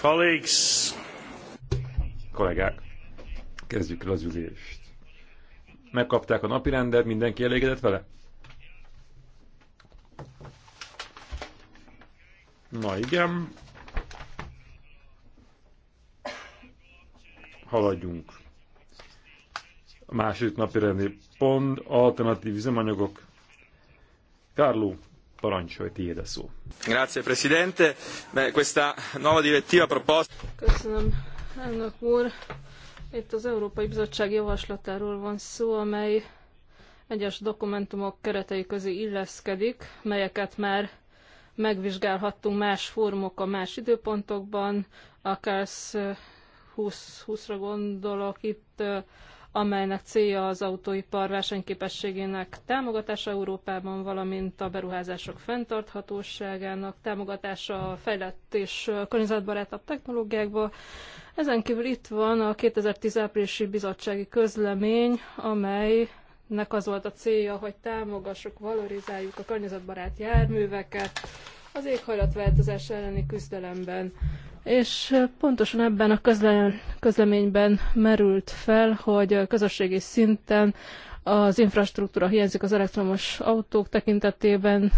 Colleagues. Kollégák, kezdjük el az ülést. Megkapták a rendet, mindenki elégedett vele? Na igen. Haladjunk. A második napirendi pont, alternatív üzemanyagok. Kárló, Parancsolj, tiéd a szó. Grazie, Presidente. questa nuova direttiva proposta... Köszönöm, elnök úr. Itt az Európai Bizottság javaslatáról van szó, amely egyes dokumentumok keretei közé illeszkedik, melyeket már megvizsgálhattunk más fórumok a más időpontokban, akár 20-20-ra gondolok itt amelynek célja az autóipar versenyképességének támogatása Európában, valamint a beruházások fenntarthatóságának támogatása a fejlett és környezetbarátabb technológiákba. Ezen kívül itt van a 2010 áprilisi bizottsági közlemény, amelynek az volt a célja, hogy támogassuk, valorizáljuk a környezetbarát járműveket az éghajlatváltozás elleni küzdelemben és pontosan ebben a közleményben merült fel, hogy közösségi szinten az infrastruktúra hiányzik az elektromos autók tekintetében,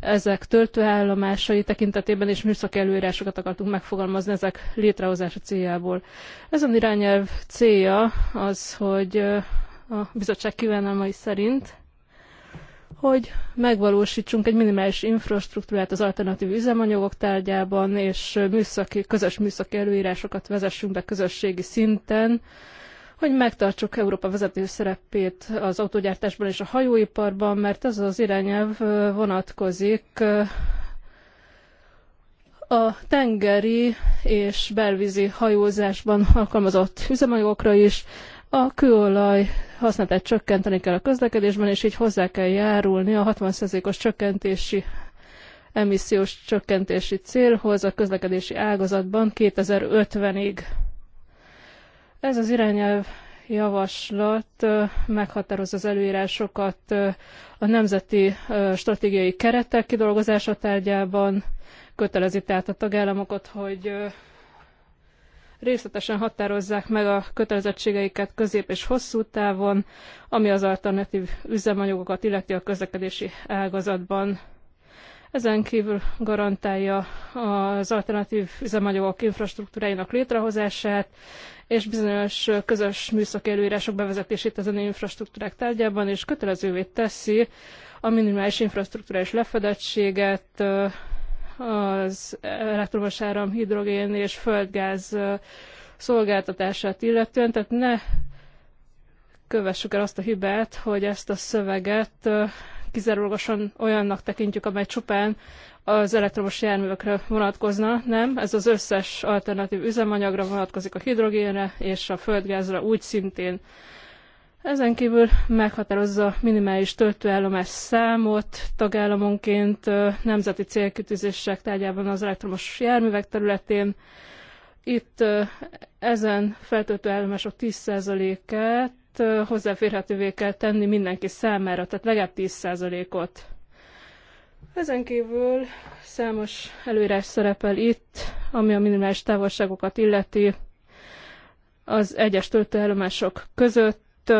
ezek töltőállomásai tekintetében és műszaki előírásokat akartunk megfogalmazni ezek létrehozása céljából. Ez a irányelv célja az, hogy a bizottság kívánalmai szerint hogy megvalósítsunk egy minimális infrastruktúrát az alternatív üzemanyagok tárgyában, és műszaki, közös műszaki előírásokat vezessünk be közösségi szinten, hogy megtartsuk Európa vezető szerepét az autogyártásban és a hajóiparban, mert ez az irányelv vonatkozik a tengeri és belvízi hajózásban alkalmazott üzemanyagokra is, a kőolaj használatát csökkenteni kell a közlekedésben, és így hozzá kell járulni a 60%-os csökkentési emissziós csökkentési célhoz a közlekedési ágazatban 2050-ig. Ez az irányelv javaslat meghatározza az előírásokat a nemzeti stratégiai keretek kidolgozása tárgyában, kötelezi tehát a tagállamokat, hogy részletesen határozzák meg a kötelezettségeiket közép és hosszú távon, ami az alternatív üzemanyagokat illeti a közlekedési ágazatban. Ezen kívül garantálja az alternatív üzemanyagok infrastruktúráinak létrehozását, és bizonyos közös műszaki előírások bevezetését ezen infrastruktúrák tárgyában, és kötelezővé teszi a minimális infrastruktúrás lefedettséget, az elektromos áram, hidrogén és földgáz szolgáltatását illetően, tehát ne kövessük el azt a hibát, hogy ezt a szöveget kizárólagosan olyannak tekintjük, amely csupán az elektromos járművekre vonatkozna, nem, ez az összes alternatív üzemanyagra vonatkozik a hidrogénre és a földgázra úgy szintén. Ezen kívül meghatározza minimális töltőállomás számot tagállamonként nemzeti célkütőzések tárgyában az elektromos járművek területén. Itt ezen feltöltőállomások 10%-át hozzáférhetővé kell tenni mindenki számára, tehát legalább 10%-ot. Ezen kívül számos előírás szerepel itt, ami a minimális távolságokat illeti az egyes töltőállomások között, itt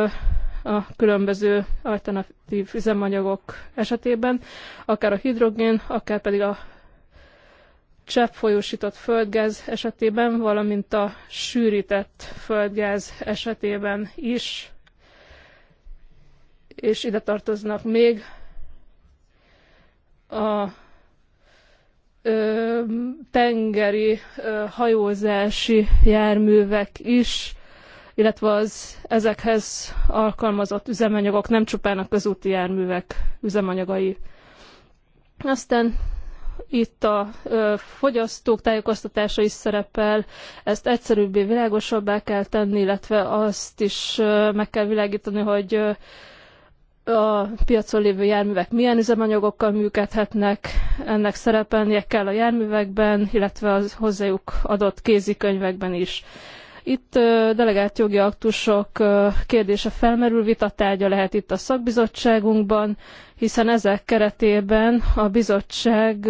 a különböző alternatív üzemanyagok esetében, akár a hidrogén, akár pedig a csepp folyósított földgáz esetében, valamint a sűrített földgáz esetében is, és ide tartoznak még a ö, tengeri ö, hajózási járművek is, illetve az ezekhez alkalmazott üzemanyagok nem csupán a közúti járművek üzemanyagai. Aztán itt a fogyasztók tájékoztatása is szerepel, ezt egyszerűbbé, világosabbá kell tenni, illetve azt is meg kell világítani, hogy a piacon lévő járművek milyen üzemanyagokkal működhetnek, ennek szerepelnie kell a járművekben, illetve az hozzájuk adott kézikönyvekben is. Itt delegált jogi aktusok kérdése felmerül, vitatárgya lehet itt a szakbizottságunkban, hiszen ezek keretében a bizottság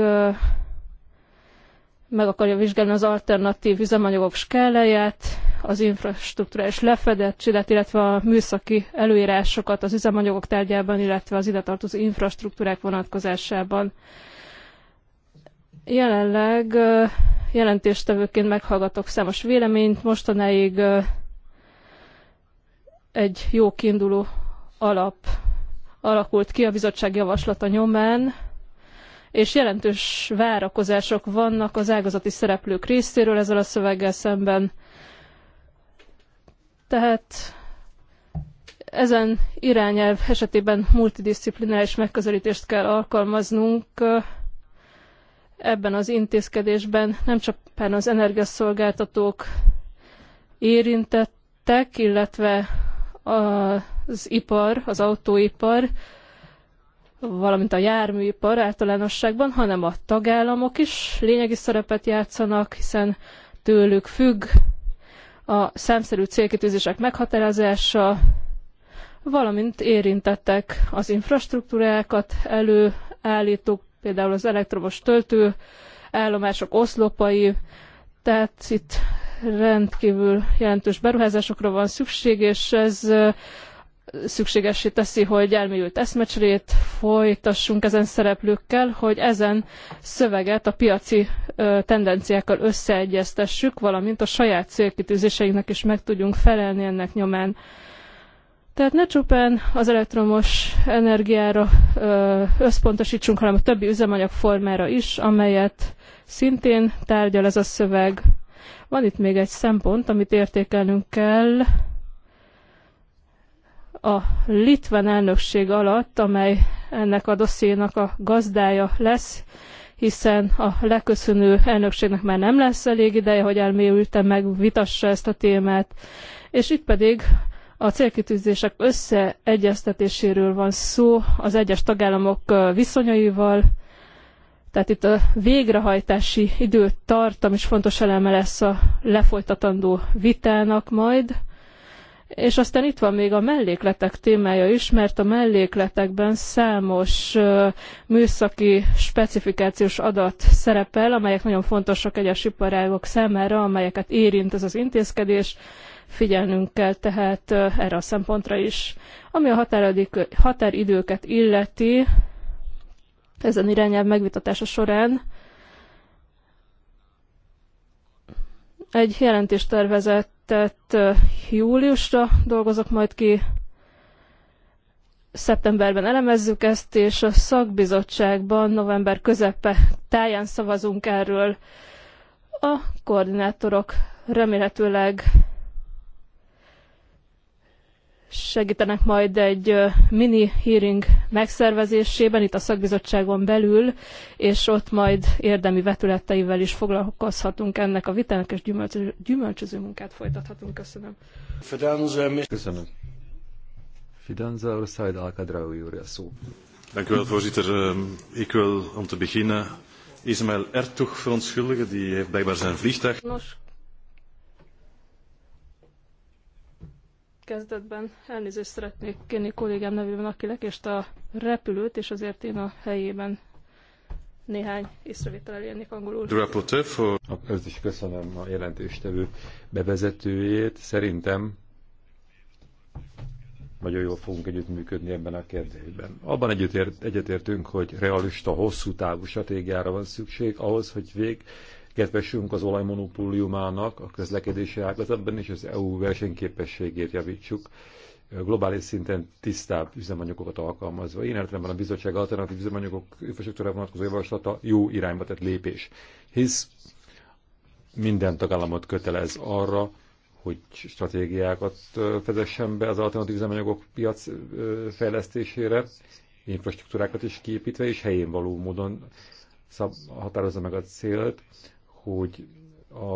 meg akarja vizsgálni az alternatív üzemanyagok skáláját, az infrastruktúrális lefedettséget, illetve a műszaki előírásokat az üzemanyagok tárgyában, illetve az ide tartozó infrastruktúrák vonatkozásában. Jelenleg jelentéstevőként meghallgatok számos véleményt, mostanáig egy jó kiinduló alap alakult ki a bizottság javaslata nyomán, és jelentős várakozások vannak az ágazati szereplők részéről ezzel a szöveggel szemben. Tehát ezen irányelv esetében multidiszciplináris megközelítést kell alkalmaznunk, Ebben az intézkedésben nem csak az energiaszolgáltatók érintettek, illetve az ipar, az autóipar, valamint a járműipar általánosságban, hanem a tagállamok is lényegi szerepet játszanak, hiszen tőlük függ a számszerű célkitűzések meghatározása, valamint érintettek az infrastruktúrákat előállítók, például az elektromos töltő állomások oszlopai, tehát itt rendkívül jelentős beruházásokra van szükség, és ez szükségessé teszi, hogy elmélyült eszmecserét folytassunk ezen szereplőkkel, hogy ezen szöveget a piaci tendenciákkal összeegyeztessük, valamint a saját célkitűzéseinknek is meg tudjunk felelni ennek nyomán. Tehát ne csupán az elektromos energiára összpontosítsunk, hanem a többi üzemanyag formára is, amelyet szintén tárgyal ez a szöveg. Van itt még egy szempont, amit értékelnünk kell a litván elnökség alatt, amely ennek a dossziénak a gazdája lesz, hiszen a leköszönő elnökségnek már nem lesz elég ideje, hogy elmélyülten megvitassa ezt a témát, és itt pedig a célkitűzések összeegyeztetéséről van szó az egyes tagállamok viszonyaival, tehát itt a végrehajtási időtartam is fontos eleme lesz a lefolytatandó vitának majd. És aztán itt van még a mellékletek témája is, mert a mellékletekben számos műszaki specifikációs adat szerepel, amelyek nagyon fontosak egyes iparágok számára, amelyeket érint ez az intézkedés. Figyelnünk kell tehát erre a szempontra is. Ami a határidőket illeti, ezen irányelv megvitatása során egy tervezett júliusra dolgozok majd ki, szeptemberben elemezzük ezt, és a szakbizottságban november közepe táján szavazunk erről. A koordinátorok remélhetőleg segítenek majd egy mini hearing megszervezésében itt a szakbizottságon belül, és ott majd érdemi vetületeivel is foglalkozhatunk ennek a vitának, és gyümölcsöző, munkát folytathatunk. Köszönöm. Köszönöm. Fidanza úr, Said Alkadraui úr, a szó. Dank u wel, voorzitter. Ehm, ik wil om te beginnen Ismaël Ertug verontschuldigen. Die heeft blijkbaar zijn vliegtuig. Nos, kezdetben elnézést szeretnék kérni kollégám nevében, aki lekést a repülőt, és azért én a helyében néhány észrevétel elérnék angolul. Ez is köszönöm a jelentéstevő bevezetőjét. Szerintem nagyon jól fogunk együttműködni ebben a kérdésben. Abban együttért, egyetértünk, hogy realista, hosszú távú stratégiára van szükség ahhoz, hogy vég kedvesünk az olajmonopóliumának a közlekedési ágazatban, és az EU versenyképességét javítsuk globális szinten tisztább üzemanyagokat alkalmazva. Én értelemben a bizottság alternatív üzemanyagok infrastruktúra vonatkozó javaslata jó irányba tett lépés, hisz minden tagállamot kötelez arra, hogy stratégiákat fezessen be az alternatív üzemanyagok piac fejlesztésére, infrastruktúrákat is kiépítve, és helyén való módon szab, határozza meg a célt hogy a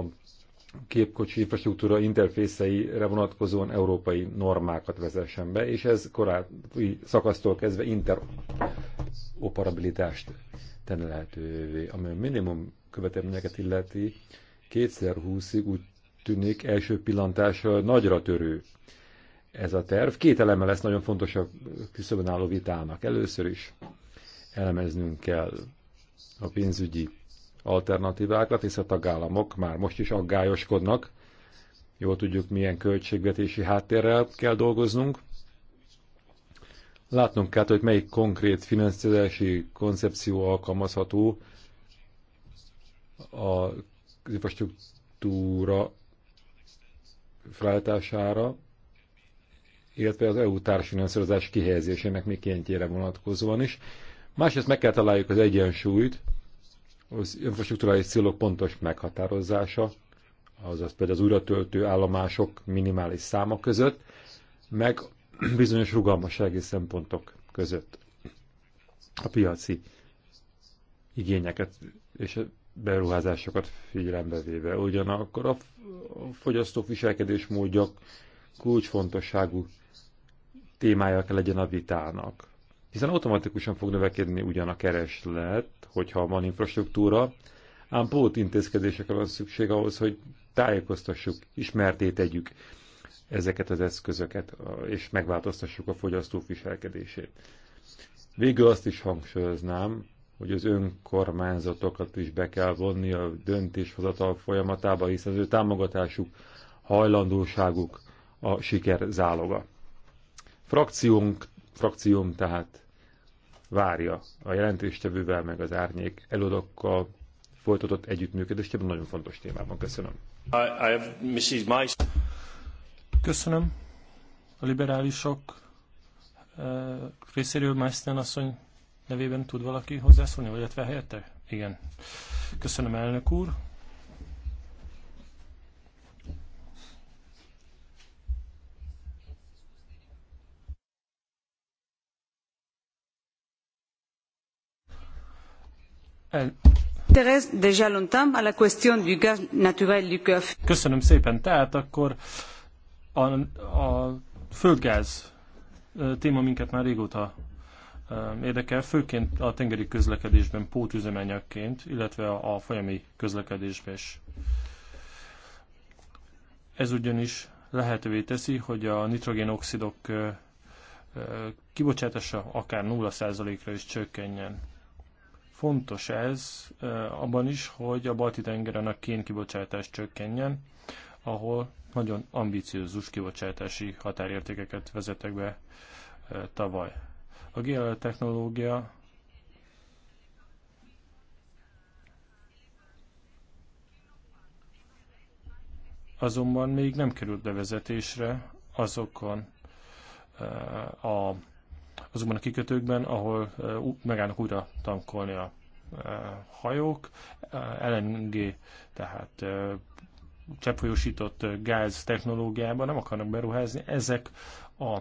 képkocsi infrastruktúra interfészeire vonatkozóan európai normákat vezessen be, és ez korábbi szakasztól kezdve interoperabilitást tenne lehetővé, ami a minimum követelményeket illeti, 2020-ig úgy tűnik első pillantásra nagyra törő ez a terv. Két eleme lesz nagyon fontos a küszöbön álló vitának. Először is elemeznünk kell a pénzügyi alternatívákat, hisz a tagállamok már most is aggályoskodnak. Jól tudjuk, milyen költségvetési háttérrel kell dolgoznunk. Látnunk kell, hogy melyik konkrét finanszírozási koncepció alkalmazható a infrastruktúra felállítására, illetve az EU társfinanszírozás kihelyezésének mikéntjére vonatkozóan is. Másrészt meg kell találjuk az egyensúlyt az infrastruktúrális célok pontos meghatározása, azaz például az újratöltő állomások minimális száma között, meg bizonyos rugalmassági szempontok között a piaci igényeket és beruházásokat figyelembe véve. Ugyanakkor a fogyasztók viselkedésmódja kulcsfontosságú témája kell legyen a vitának hiszen automatikusan fog növekedni ugyan a kereslet, hogyha van infrastruktúra, ám pót intézkedésekre van szükség ahhoz, hogy tájékoztassuk, ismerté tegyük ezeket az eszközöket, és megváltoztassuk a fogyasztók viselkedését. Végül azt is hangsúlyoznám, hogy az önkormányzatokat is be kell vonni a döntéshozatal folyamatába, hiszen az ő támogatásuk, hajlandóságuk a siker záloga. Frakciónk, frakcióm tehát várja a jelentéstevővel, meg az árnyék előadókkal folytatott együttműködést ebben nagyon fontos témában. Köszönöm. I, I Mrs. Mais. Köszönöm. A liberálisok uh, részéről Meissner asszony nevében tud valaki hozzászólni, vagy illetve helyette? Igen. Köszönöm, elnök úr. Köszönöm szépen. Tehát akkor a, a földgáz téma minket már régóta érdekel, főként a tengeri közlekedésben pótüzemanyagként, illetve a folyami közlekedésben is. Ez ugyanis lehetővé teszi, hogy a nitrogénoxidok kibocsátása akár 0%-ra is csökkenjen. Fontos ez abban is, hogy a balti tengeren a kén kibocsátás csökkenjen, ahol nagyon ambiciózus kibocsátási határértékeket vezetek be tavaly. A GLL technológia azonban még nem került bevezetésre azokon a azokban a kikötőkben, ahol megállnak újra tankolni a hajók. LNG, tehát cseppfolyósított gáz technológiában nem akarnak beruházni. Ezek a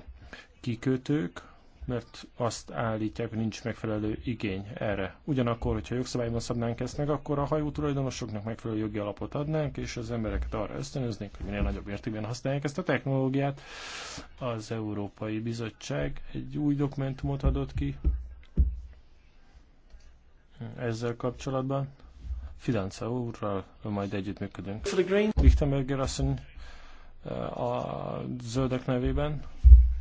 kikötők, mert azt állítják, hogy nincs megfelelő igény erre. Ugyanakkor, hogyha jogszabályban szabnánk ezt meg, akkor a hajó tulajdonosoknak megfelelő jogi alapot adnánk, és az embereket arra ösztönöznénk, hogy minél nagyobb értékben használják ezt a technológiát. Az Európai Bizottság egy új dokumentumot adott ki ezzel kapcsolatban. Fidanca úrral majd együttműködünk. Lichtenberger asszony eh, a zöldek nevében.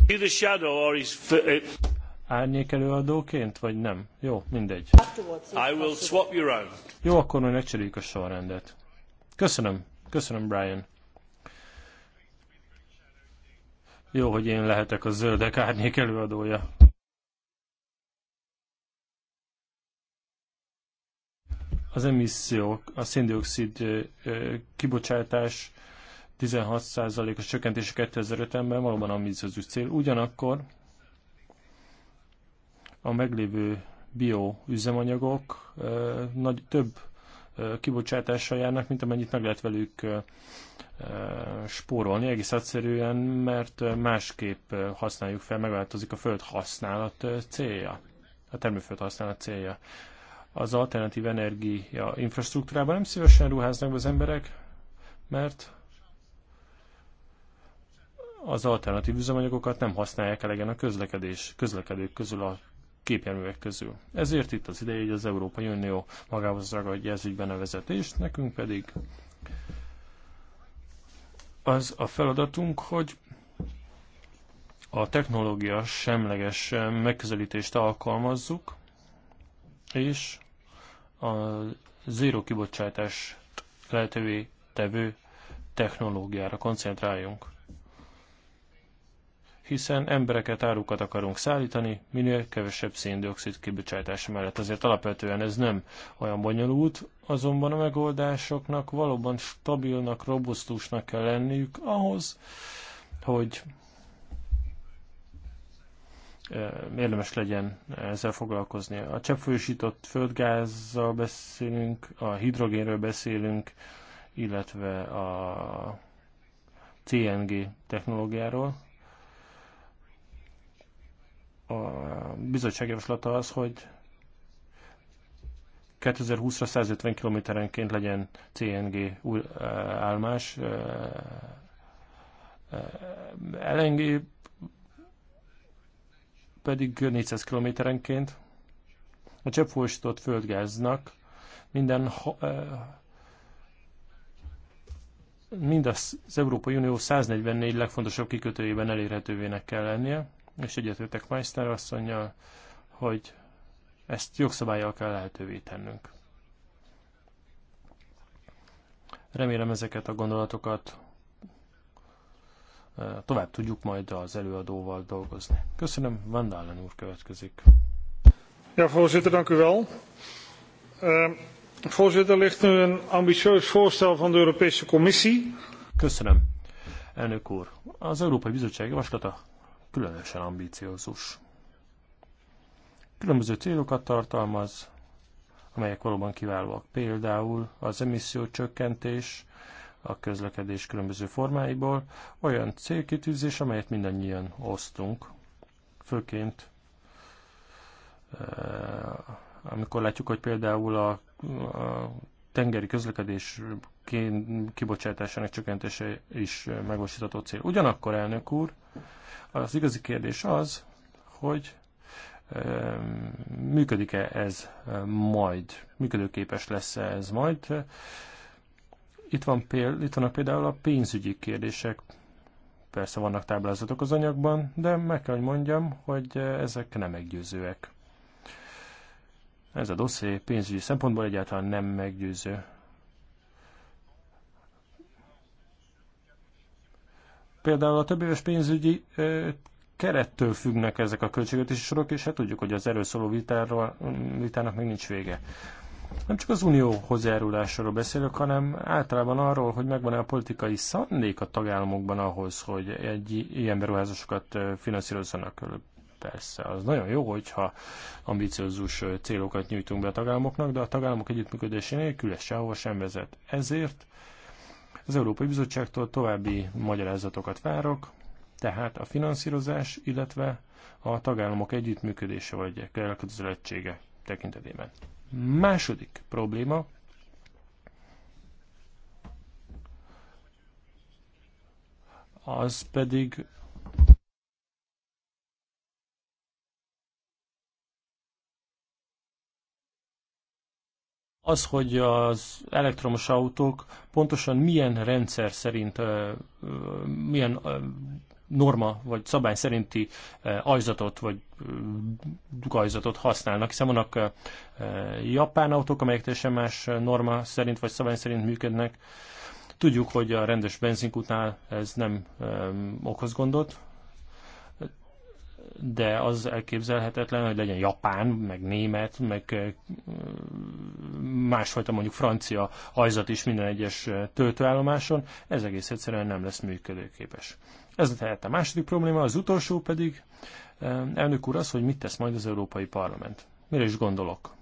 Uh, árnyék előadóként, vagy nem? Jó, mindegy. I will swap you around. Jó, akkor majd megcseréljük a sorrendet. Köszönöm, köszönöm Brian. Jó, hogy én lehetek a zöldek árnyék előadója. Az emissziók, a széndiokszid kibocsátás 16%-os csökkentés 2005-ben valóban ambiciózus cél. Ugyanakkor a meglévő bioüzemanyagok nagy, több kibocsátással járnak, mint amennyit meg lehet velük spórolni, egész egyszerűen, mert másképp használjuk fel, megváltozik a föld használat célja, a termőföld használat célja. Az alternatív energia infrastruktúrában nem szívesen ruháznak be az emberek, mert az alternatív üzemanyagokat nem használják elegen a közlekedés, közlekedők közül a gépjárművek közül. Ezért itt az ideje, hogy az Európai Unió magához ragadja ez ügyben a vezetést, nekünk pedig az a feladatunk, hogy a technológia semleges megközelítést alkalmazzuk, és a zéró kibocsátás lehetővé tevő technológiára koncentráljunk hiszen embereket, árukat akarunk szállítani, minél kevesebb széndiokszid kibocsátása mellett. Azért alapvetően ez nem olyan bonyolult, azonban a megoldásoknak valóban stabilnak, robusztusnak kell lenniük ahhoz, hogy érdemes legyen ezzel foglalkozni. A cseppfolyósított földgázzal beszélünk, a hidrogénről beszélünk, illetve a CNG technológiáról, a bizottság javaslata az, hogy 2020-ra 150 kilométerenként legyen CNG új állomás. LNG pedig 400 kilométerenként. A cseppfolyósított földgáznak minden mind az Európai Unió 144 legfontosabb kikötőjében elérhetővének kell lennie és egyetőtek Meister asszonynal, hogy ezt jogszabályjal kell lehetővé tennünk. Remélem ezeket a gondolatokat tovább tudjuk majd az előadóval dolgozni. Köszönöm, Van Dalen úr következik. Ja, voorzitter, dank u wel. Uh, voorzitter, er ligt nu een ambitieus voorstel van de Europese Commissie. Köszönöm, elnök úr. Az Európai Bizottság javaslata különösen ambíciózus. Különböző célokat tartalmaz, amelyek valóban kiválóak. Például az emissziócsökkentés a közlekedés különböző formáiból, olyan célkitűzés, amelyet mindannyian osztunk, főként eh, amikor látjuk, hogy például a, a tengeri közlekedés kibocsátásának csökkentése is megvalósítható cél. Ugyanakkor, elnök úr, az igazi kérdés az, hogy működik-e ez majd, működőképes lesz-e ez majd. Itt, van péld, itt vannak például a pénzügyi kérdések, persze vannak táblázatok az anyagban, de meg kell, hogy mondjam, hogy ezek nem meggyőzőek. Ez a dosszé pénzügyi szempontból egyáltalán nem meggyőző. Például a többéves pénzügyi kerettől függnek ezek a költségvetési sorok, és hát tudjuk, hogy az erőszóló vitáról, vitának még nincs vége. Nem csak az unió hozzájárulásáról beszélök hanem általában arról, hogy megvan-e a politikai szándék a tagállamokban ahhoz, hogy egy ilyen beruházásokat finanszírozzanak persze, az nagyon jó, hogyha ambiciózus célokat nyújtunk be a tagállamoknak, de a tagállamok együttműködésénél nélkül ez sehova sem vezet. Ezért az Európai Bizottságtól további magyarázatokat várok, tehát a finanszírozás, illetve a tagállamok együttműködése vagy elkötelezettsége tekintetében. Második probléma, az pedig az, hogy az elektromos autók pontosan milyen rendszer szerint, milyen norma vagy szabály szerinti ajzatot vagy dugajzatot használnak, hiszen vannak japán autók, amelyek teljesen más norma szerint vagy szabály szerint működnek. Tudjuk, hogy a rendes benzinkutnál ez nem okoz gondot, de az elképzelhetetlen, hogy legyen japán, meg német, meg másfajta mondjuk francia hajzat is minden egyes töltőállomáson, ez egész egyszerűen nem lesz működőképes. Ez tehát a második probléma, az utolsó pedig, elnök úr, az, hogy mit tesz majd az Európai Parlament. Mire is gondolok?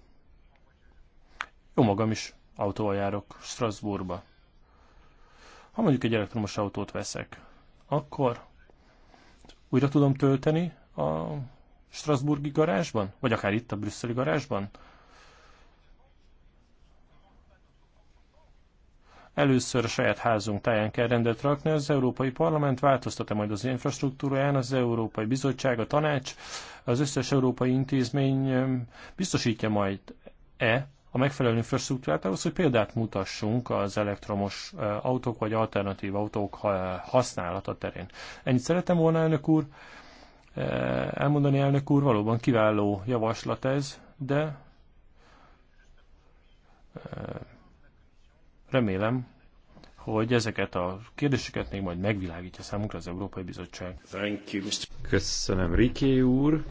Jó magam is autóval járok Strasbourgba. Ha mondjuk egy elektromos autót veszek, akkor újra tudom tölteni a Strasburgi garázsban? Vagy akár itt a brüsszeli garázsban? Először a saját házunk táján kell rendet rakni, az Európai Parlament változtat-e majd az infrastruktúráján, az Európai Bizottság, a Tanács, az összes európai intézmény biztosítja majd-e a megfelelő infrastruktúrát ahhoz, hogy példát mutassunk az elektromos autók vagy alternatív autók használata terén. Ennyit szeretem volna, elnök úr. Elmondani, elnök úr, valóban kiváló javaslat ez, de Remélem, hogy ezeket a kérdéseket még majd megvilágítja számunkra az Európai Bizottság. Thank you, Mr. Köszönöm, Riké úr.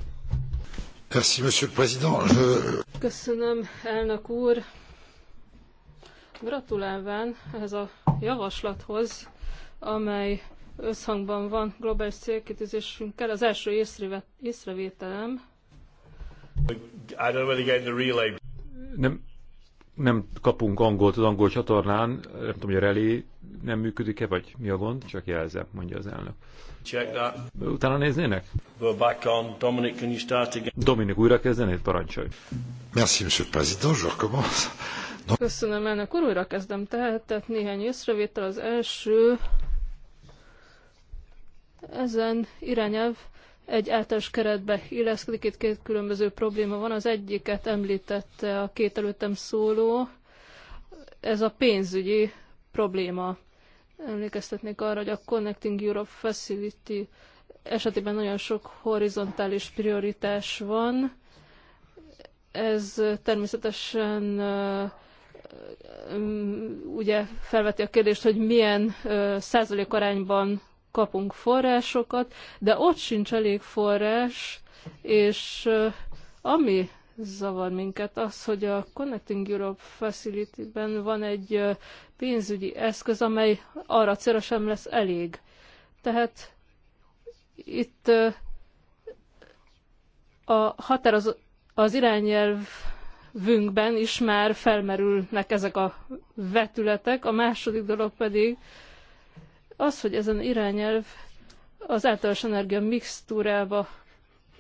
Merci, Monsieur Köszönöm, elnök úr. Gratulálván ehhez a javaslathoz, amely összhangban van globális célkitűzésünkkel, az első észrevételem. I don't really get the relay. Nem nem kapunk angolt az angol csatornán, nem tudom, hogy a relé nem működik-e, vagy mi a gond, csak jelzem, mondja az elnök. Check that. Utána néznének? We're back on. Dominic, can you start again? Dominic, újra kezdenéd, parancsolj. Merci, monsieur le président, je recommence. No. Köszönöm, elnök úr, újra kezdem tehát, tehát néhány észrevétel. Az első, ezen irányelv egy általános keretbe illeszkedik. Itt két különböző probléma van. Az egyiket említette a két előttem szóló, ez a pénzügyi probléma. Emlékeztetnék arra, hogy a Connecting Europe Facility esetében nagyon sok horizontális prioritás van. Ez természetesen ugye felveti a kérdést, hogy milyen százalékarányban kapunk forrásokat, de ott sincs elég forrás, és ami zavar minket az, hogy a Connecting Europe Facility-ben van egy pénzügyi eszköz, amely arra célra sem lesz elég. Tehát itt a határ az, az irányelvünkben is már felmerülnek ezek a vetületek. A második dolog pedig, az, hogy ezen irányelv az általános energia mixtúrába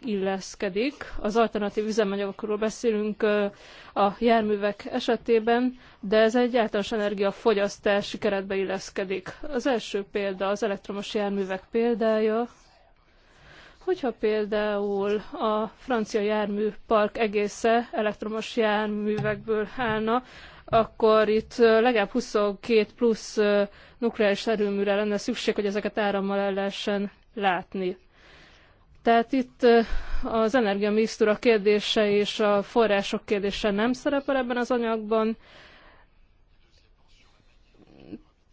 illeszkedik. Az alternatív üzemanyagokról beszélünk a járművek esetében, de ez egy általános energiafogyasztási keretbe illeszkedik. Az első példa az elektromos járművek példája, Hogyha például a francia járműpark egésze elektromos járművekből állna, akkor itt legalább 22 plusz nukleáris erőműre lenne szükség, hogy ezeket árammal el lehessen látni. Tehát itt az energiamisztúra kérdése és a források kérdése nem szerepel ebben az anyagban,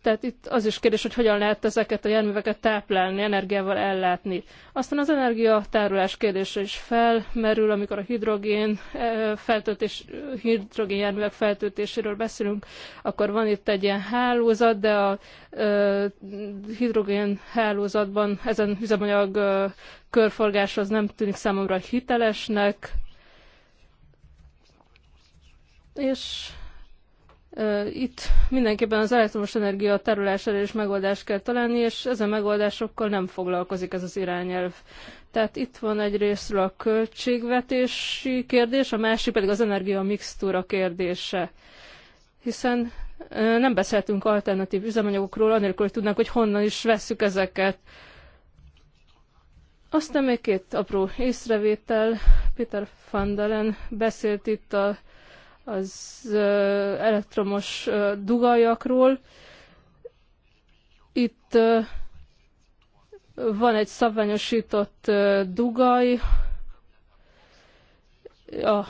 tehát itt az is kérdés, hogy hogyan lehet ezeket a járműveket táplálni, energiával ellátni. Aztán az energiatárolás kérdése is felmerül, amikor a hidrogén, eh, feltöltés, hidrogén járművek feltöltéséről beszélünk, akkor van itt egy ilyen hálózat, de a eh, hidrogén hálózatban ezen üzemanyag eh, körforgás az nem tűnik számomra hitelesnek. És itt mindenképpen az elektromos energia tárolására is megoldást kell találni, és ezen megoldásokkal nem foglalkozik ez az irányelv. Tehát itt van egy részről a költségvetési kérdés, a másik pedig az energia mixtúra kérdése. Hiszen nem beszéltünk alternatív üzemanyagokról, anélkül, hogy tudnánk, hogy honnan is vesszük ezeket. Aztán még két apró észrevétel. Peter van Dalen beszélt itt a az elektromos dugaljakról. Itt van egy szabványosított dugaj, a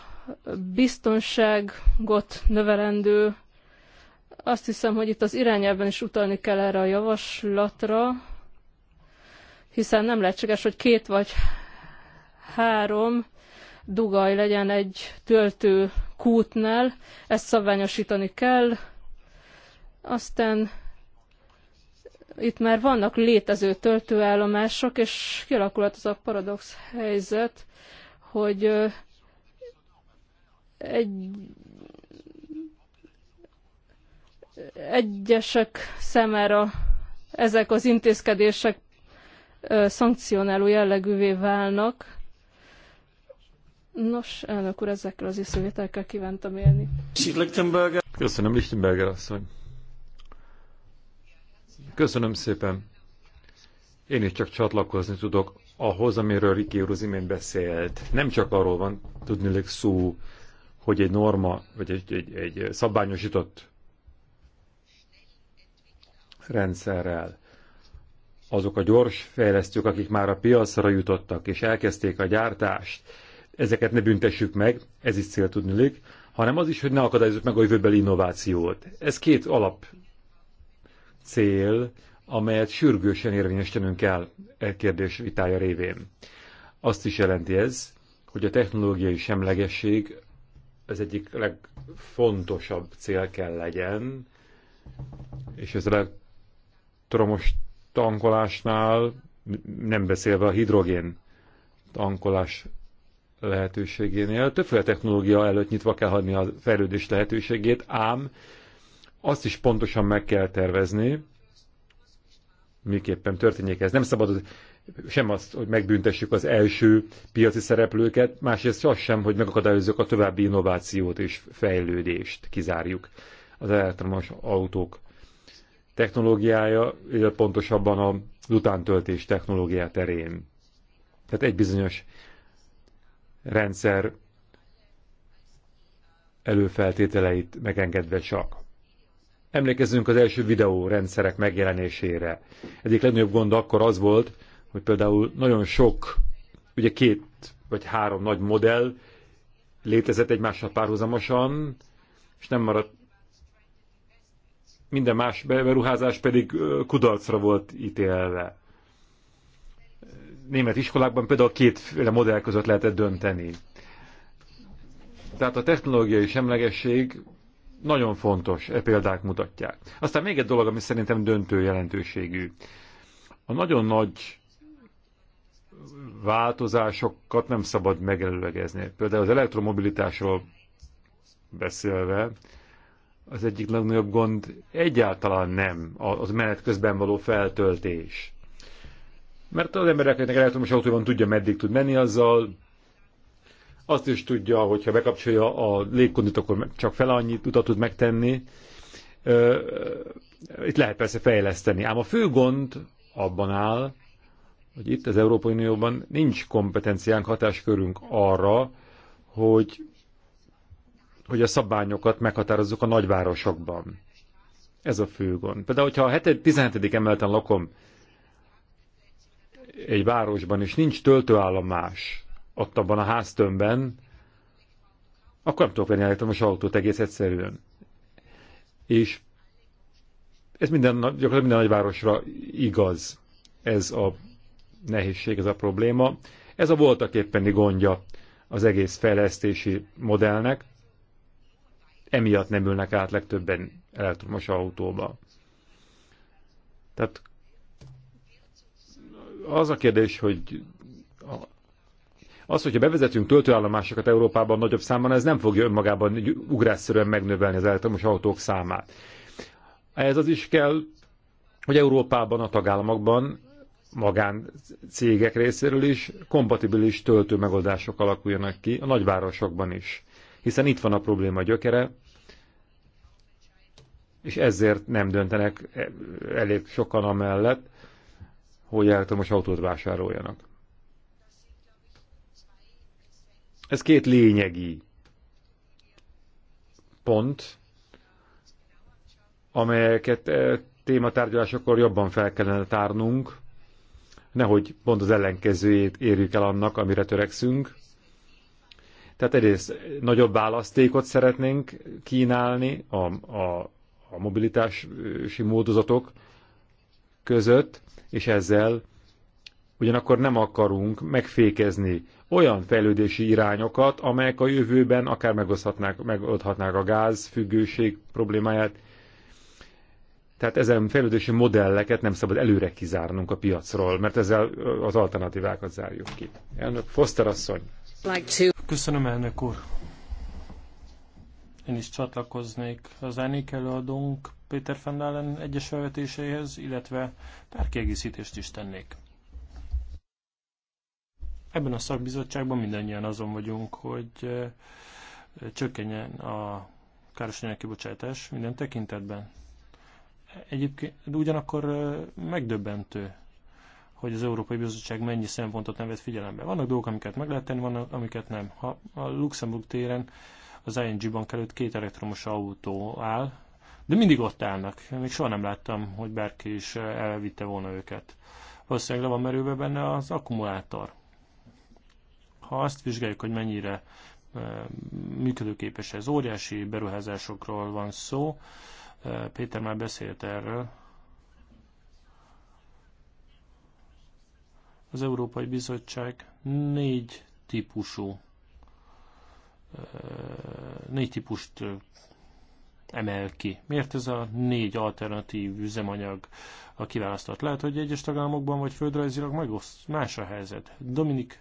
biztonságot növelendő. Azt hiszem, hogy itt az irányelben is utalni kell erre a javaslatra, hiszen nem lehetséges, hogy két vagy három dugaj legyen egy töltő kútnál, ezt szabványosítani kell. Aztán itt már vannak létező töltőállomások, és kialakulhat az a paradox helyzet, hogy egy egyesek számára ezek az intézkedések szankcionáló jellegűvé válnak, Nos, elnök úr, ezekkel az észrevételekkel kívántam élni. Köszönöm, Lichtenberger asszony. Köszönöm szépen. Én is csak csatlakozni tudok ahhoz, amiről Riki úr az imént beszélt. Nem csak arról van tudnilik szó, hogy egy norma, vagy egy, egy, egy szabványosított rendszerrel azok a gyors fejlesztők, akik már a piacra jutottak és elkezdték a gyártást, ezeket ne büntessük meg, ez is cél tudni tudnilik, hanem az is, hogy ne akadályozzuk meg a jövőbeli innovációt. Ez két alap cél, amelyet sürgősen érvényesítenünk kell e kérdés vitája révén. Azt is jelenti ez, hogy a technológiai semlegesség az egyik legfontosabb cél kell legyen, és ez elektromos tankolásnál, nem beszélve a hidrogén tankolás lehetőségénél. Többféle technológia előtt nyitva kell hagyni a fejlődés lehetőségét, ám azt is pontosan meg kell tervezni, miképpen történjék ez. Nem szabad sem azt, hogy megbüntessük az első piaci szereplőket, másrészt az sem, hogy megakadályozzuk a további innovációt és fejlődést, kizárjuk az elektromos autók technológiája, illetve pontosabban a utántöltés technológiá terén. Tehát egy bizonyos rendszer előfeltételeit megengedve csak. Emlékezzünk az első videó rendszerek megjelenésére. Egyik legnagyobb gond akkor az volt, hogy például nagyon sok, ugye két vagy három nagy modell létezett egymással párhuzamosan, és nem maradt minden más beruházás pedig kudarcra volt ítélve német iskolákban például kétféle modell között lehetett dönteni. Tehát a technológiai semlegesség nagyon fontos, e példák mutatják. Aztán még egy dolog, ami szerintem döntő jelentőségű. A nagyon nagy változásokat nem szabad megelőlegezni. Például az elektromobilitásról beszélve, az egyik legnagyobb gond egyáltalán nem az menet közben való feltöltés. Mert az embereknek elektromos autóban tudja, meddig tud menni azzal, azt is tudja, hogyha bekapcsolja a légkondit, akkor csak fel annyit utat tud megtenni. Itt lehet persze fejleszteni. Ám a fő gond abban áll, hogy itt az Európai Unióban nincs kompetenciánk, hatáskörünk arra, hogy, hogy a szabályokat meghatározzuk a nagyvárosokban. Ez a fő gond. Például, hogyha a 17. emeleten lakom, egy városban, és nincs töltőállomás ott abban a háztömbben, akkor nem tudok venni elektromos autót egész egyszerűen. És ez minden, gyakorlatilag minden nagyvárosra igaz. Ez a nehézség, ez a probléma. Ez a voltak éppeni gondja az egész fejlesztési modellnek. Emiatt nem ülnek át legtöbben elektromos autóba. Tehát az a kérdés, hogy az, hogyha bevezetünk töltőállomásokat Európában nagyobb számban, ez nem fogja önmagában ugrásszerűen megnövelni az elektromos autók számát. Ez az is kell, hogy Európában, a tagállamokban cégek részéről is kompatibilis töltő megoldások alakuljanak ki a nagyvárosokban is. Hiszen itt van a probléma gyökere, és ezért nem döntenek e- elég sokan amellett, hogy elektromos autót vásároljanak. Ez két lényegi pont, amelyeket e, tématárgyalásakor jobban fel kellene tárnunk, nehogy pont az ellenkezőjét érjük el annak, amire törekszünk. Tehát egyrészt nagyobb választékot szeretnénk kínálni a, a, a mobilitási módozatok között, és ezzel ugyanakkor nem akarunk megfékezni olyan fejlődési irányokat, amelyek a jövőben akár megoldhatnák a gázfüggőség problémáját. Tehát ezen fejlődési modelleket nem szabad előre kizárnunk a piacról, mert ezzel az alternatívákat zárjuk ki. Elnök Foster asszony. Köszönöm, elnök úr. Én is csatlakoznék az elnék előadónk Péter Fendelen egyes felvetéseihez, illetve pár kiegészítést is tennék. Ebben a szakbizottságban mindannyian azon vagyunk, hogy eh, csökkenjen a károsanyag kibocsátás minden tekintetben. Egyébként ugyanakkor eh, megdöbbentő, hogy az Európai Bizottság mennyi szempontot nem vett figyelembe. Vannak dolgok, amiket meg lehet tenni, vannak, amiket nem. Ha a Luxemburg téren az ING bank előtt két elektromos autó áll, de mindig ott állnak. Még soha nem láttam, hogy bárki is elvitte volna őket. Valószínűleg le van merülve benne az akkumulátor. Ha azt vizsgáljuk, hogy mennyire e, működőképes ez, óriási beruházásokról van szó. E, Péter már beszélt erről. Az Európai Bizottság négy típusú e, négy típust emel ki? Miért ez a négy alternatív üzemanyag a kiválasztott? Lehet, hogy egyes tagállamokban vagy földrajzilag megoszt, más a helyzet. Dominik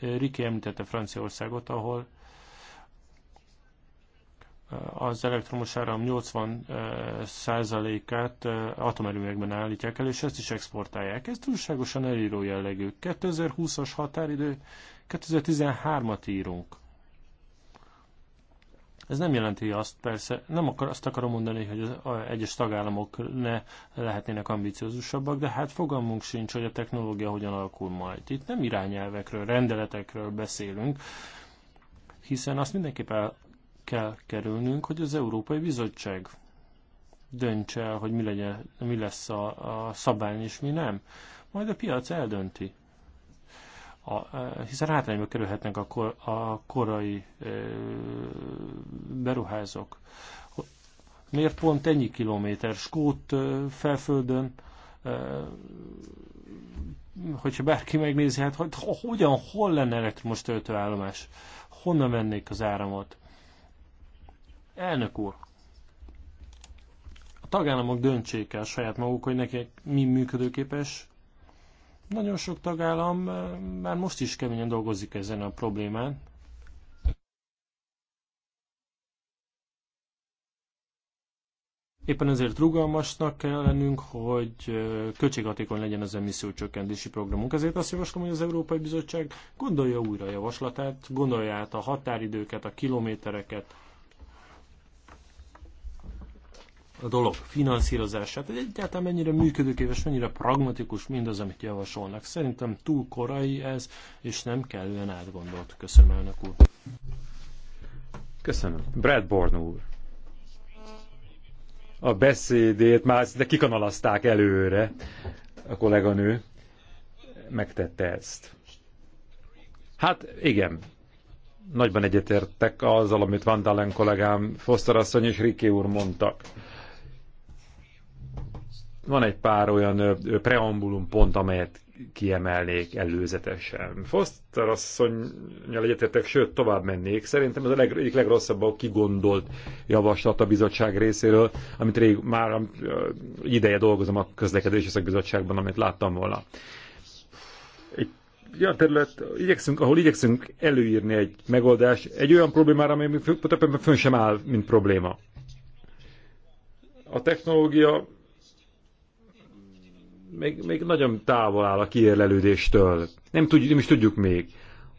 Riki említette Franciaországot, ahol eh, az elektromos áram 80%-át eh, eh, atomerőmekben állítják el, és ezt is exportálják. Ez túlságosan elíró jellegű. 2020-as határidő, 2013-at írunk. Ez nem jelenti azt, persze, nem akar, azt akarom mondani, hogy az egyes tagállamok ne lehetnének ambiciózusabbak, de hát fogalmunk sincs, hogy a technológia hogyan alakul majd. Itt nem irányelvekről, rendeletekről beszélünk, hiszen azt mindenképp el kell kerülnünk, hogy az Európai Bizottság döntse el, hogy mi, legyen, mi lesz a, a szabály és mi nem. Majd a piac eldönti a, e, hiszen hátrányba kerülhetnek a, kor, a korai e, beruházók. Miért pont ennyi kilométer Skót e, felföldön? E, hogyha bárki megnézi, hát hogy, hogyan, hol lenne elektromos töltőállomás? Honnan vennék az áramot? Elnök úr, a tagállamok döntsék el saját maguk, hogy nekik mi működőképes nagyon sok tagállam eh, már most is keményen dolgozik ezen a problémán. Éppen ezért rugalmasnak kell lennünk, hogy eh, költséghatékony legyen az emissziócsökkentési programunk. Ezért azt javaslom, hogy az Európai Bizottság gondolja újra a javaslatát, gondolja át a határidőket, a kilométereket, a dolog finanszírozását, hogy egyáltalán mennyire működőképes, mennyire pragmatikus mindaz, amit javasolnak. Szerintem túl korai ez, és nem kellően átgondolt. Köszönöm, elnök úr. Köszönöm. Brad Born úr. A beszédét már de kikanalazták előre. A kolléganő megtette ezt. Hát igen, nagyban egyetértek azzal, amit Vandalen kollégám, Foster asszony és Riki úr mondtak van egy pár olyan preambulum pont, amelyet kiemelnék előzetesen. Foster asszonynal egyetértek, sőt, tovább mennék. Szerintem ez a leg, egyik legrosszabb a kigondolt javaslat a bizottság részéről, amit rég már ideje dolgozom a közlekedési szakbizottságban, amit láttam volna. Egy olyan terület, igyekszünk, ahol igyekszünk előírni egy megoldást egy olyan problémára, amely még fönn sem áll, mint probléma. A technológia még, még nagyon távol áll a kiérlelődéstől. Nem, tudjuk, nem is tudjuk még,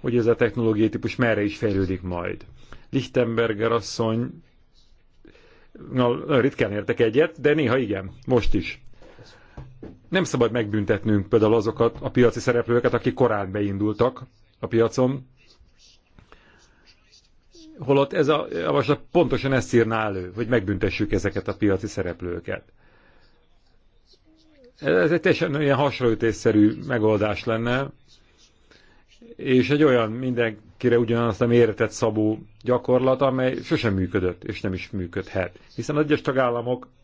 hogy ez a technológiai típus merre is fejlődik majd. Lichtenberger asszony, na, ritkán értek egyet, de néha igen, most is. Nem szabad megbüntetnünk például azokat a piaci szereplőket, akik korán beindultak a piacon, holott ez a javaslat pontosan ezt írná elő, hogy megbüntessük ezeket a piaci szereplőket. Ez egy teljesen ilyen hasraütésszerű megoldás lenne, és egy olyan mindenkire ugyanazt nem éretett szabó gyakorlat, amely sosem működött, és nem is működhet. Hiszen az egyes tagállamoknak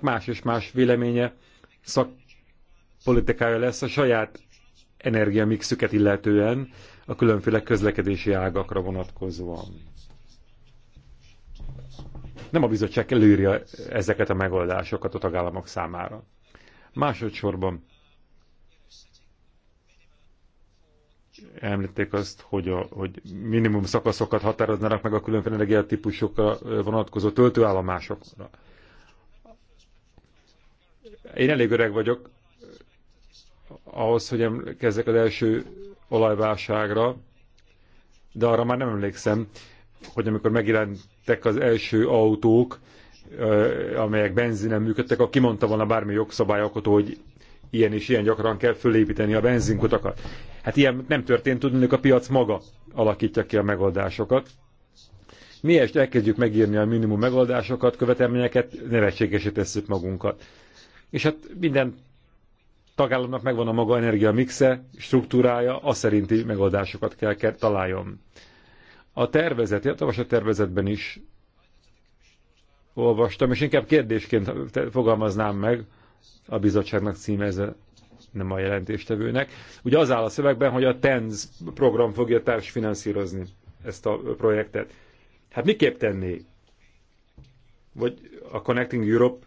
más és más véleménye, szakpolitikája lesz a saját energiamixüket illetően, a különféle közlekedési ágakra vonatkozóan. Nem a bizottság előírja ezeket a megoldásokat a tagállamok számára. Másodszorban említették azt, hogy, a, hogy minimum szakaszokat határoznának meg a különféle energiatípusokra vonatkozó töltőállomásokra. Én elég öreg vagyok ahhoz, hogy emlékezzek az első olajválságra, de arra már nem emlékszem, hogy amikor megjelent lettek az első autók, amelyek benzinen működtek, aki mondta volna bármi jogszabályokat, hogy ilyen és ilyen gyakran kell fölépíteni a benzinkutakat. Hát ilyen nem történt, tudni, a piac maga alakítja ki a megoldásokat. Miért elkezdjük megírni a minimum megoldásokat, követelményeket, nevetségesé tesszük magunkat. És hát minden tagállamnak megvan a maga energia mixe, struktúrája, az szerinti megoldásokat kell, kell találjon. A tervezet, a javaslat tervezetben is olvastam, és inkább kérdésként fogalmaznám meg a bizottságnak címezve, nem a jelentéstevőnek. Ugye az áll a szövegben, hogy a TENZ program fogja társfinanszírozni ezt a projektet. Hát miképp tenné? Vagy a Connecting Europe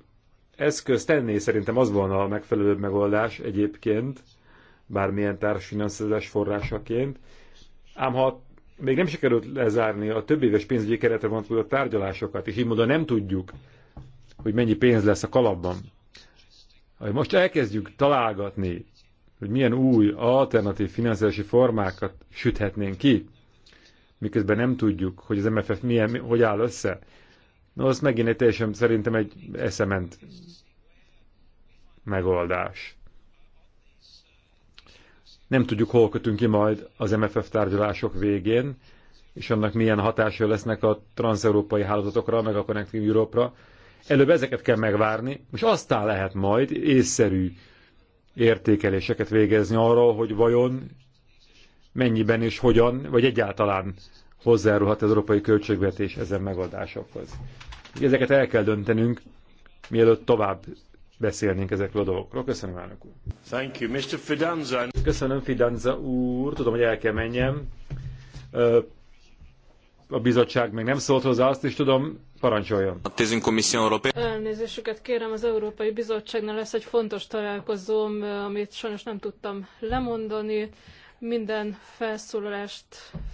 eszköz tenné, szerintem az volna a megfelelőbb megoldás egyébként, bármilyen társfinanszírozás forrásaként. Ám ha még nem sikerült lezárni a több éves pénzügyi keretre vonatkozó tárgyalásokat, és így módon nem tudjuk, hogy mennyi pénz lesz a kalapban. Ha most elkezdjük találgatni, hogy milyen új alternatív finanszírozási formákat süthetnénk ki, miközben nem tudjuk, hogy az MFF milyen, hogy áll össze, no, az megint egy teljesen szerintem egy eszement megoldás. Nem tudjuk, hol kötünk ki majd az MFF tárgyalások végén, és annak milyen hatása lesznek a transeurópai hálózatokra, meg a Connecting Europe-ra. Előbb ezeket kell megvárni, és aztán lehet majd észszerű értékeléseket végezni arra, hogy vajon mennyiben és hogyan, vagy egyáltalán hozzájárulhat az európai költségvetés ezen megoldásokhoz. Ezeket el kell döntenünk, mielőtt tovább beszélnénk ezekről a dolgokról. Köszönöm, elnök úr. Thank you, Mr. Fidanza. Köszönöm, Fidanza úr. Tudom, hogy el kell menjem. A bizottság még nem szólt hozzá, azt is tudom, parancsoljon. A Tézin Komisszió Európai. Elnézésüket kérem, az Európai Bizottságnál lesz egy fontos találkozóm, amit sajnos nem tudtam lemondani. Minden felszólalást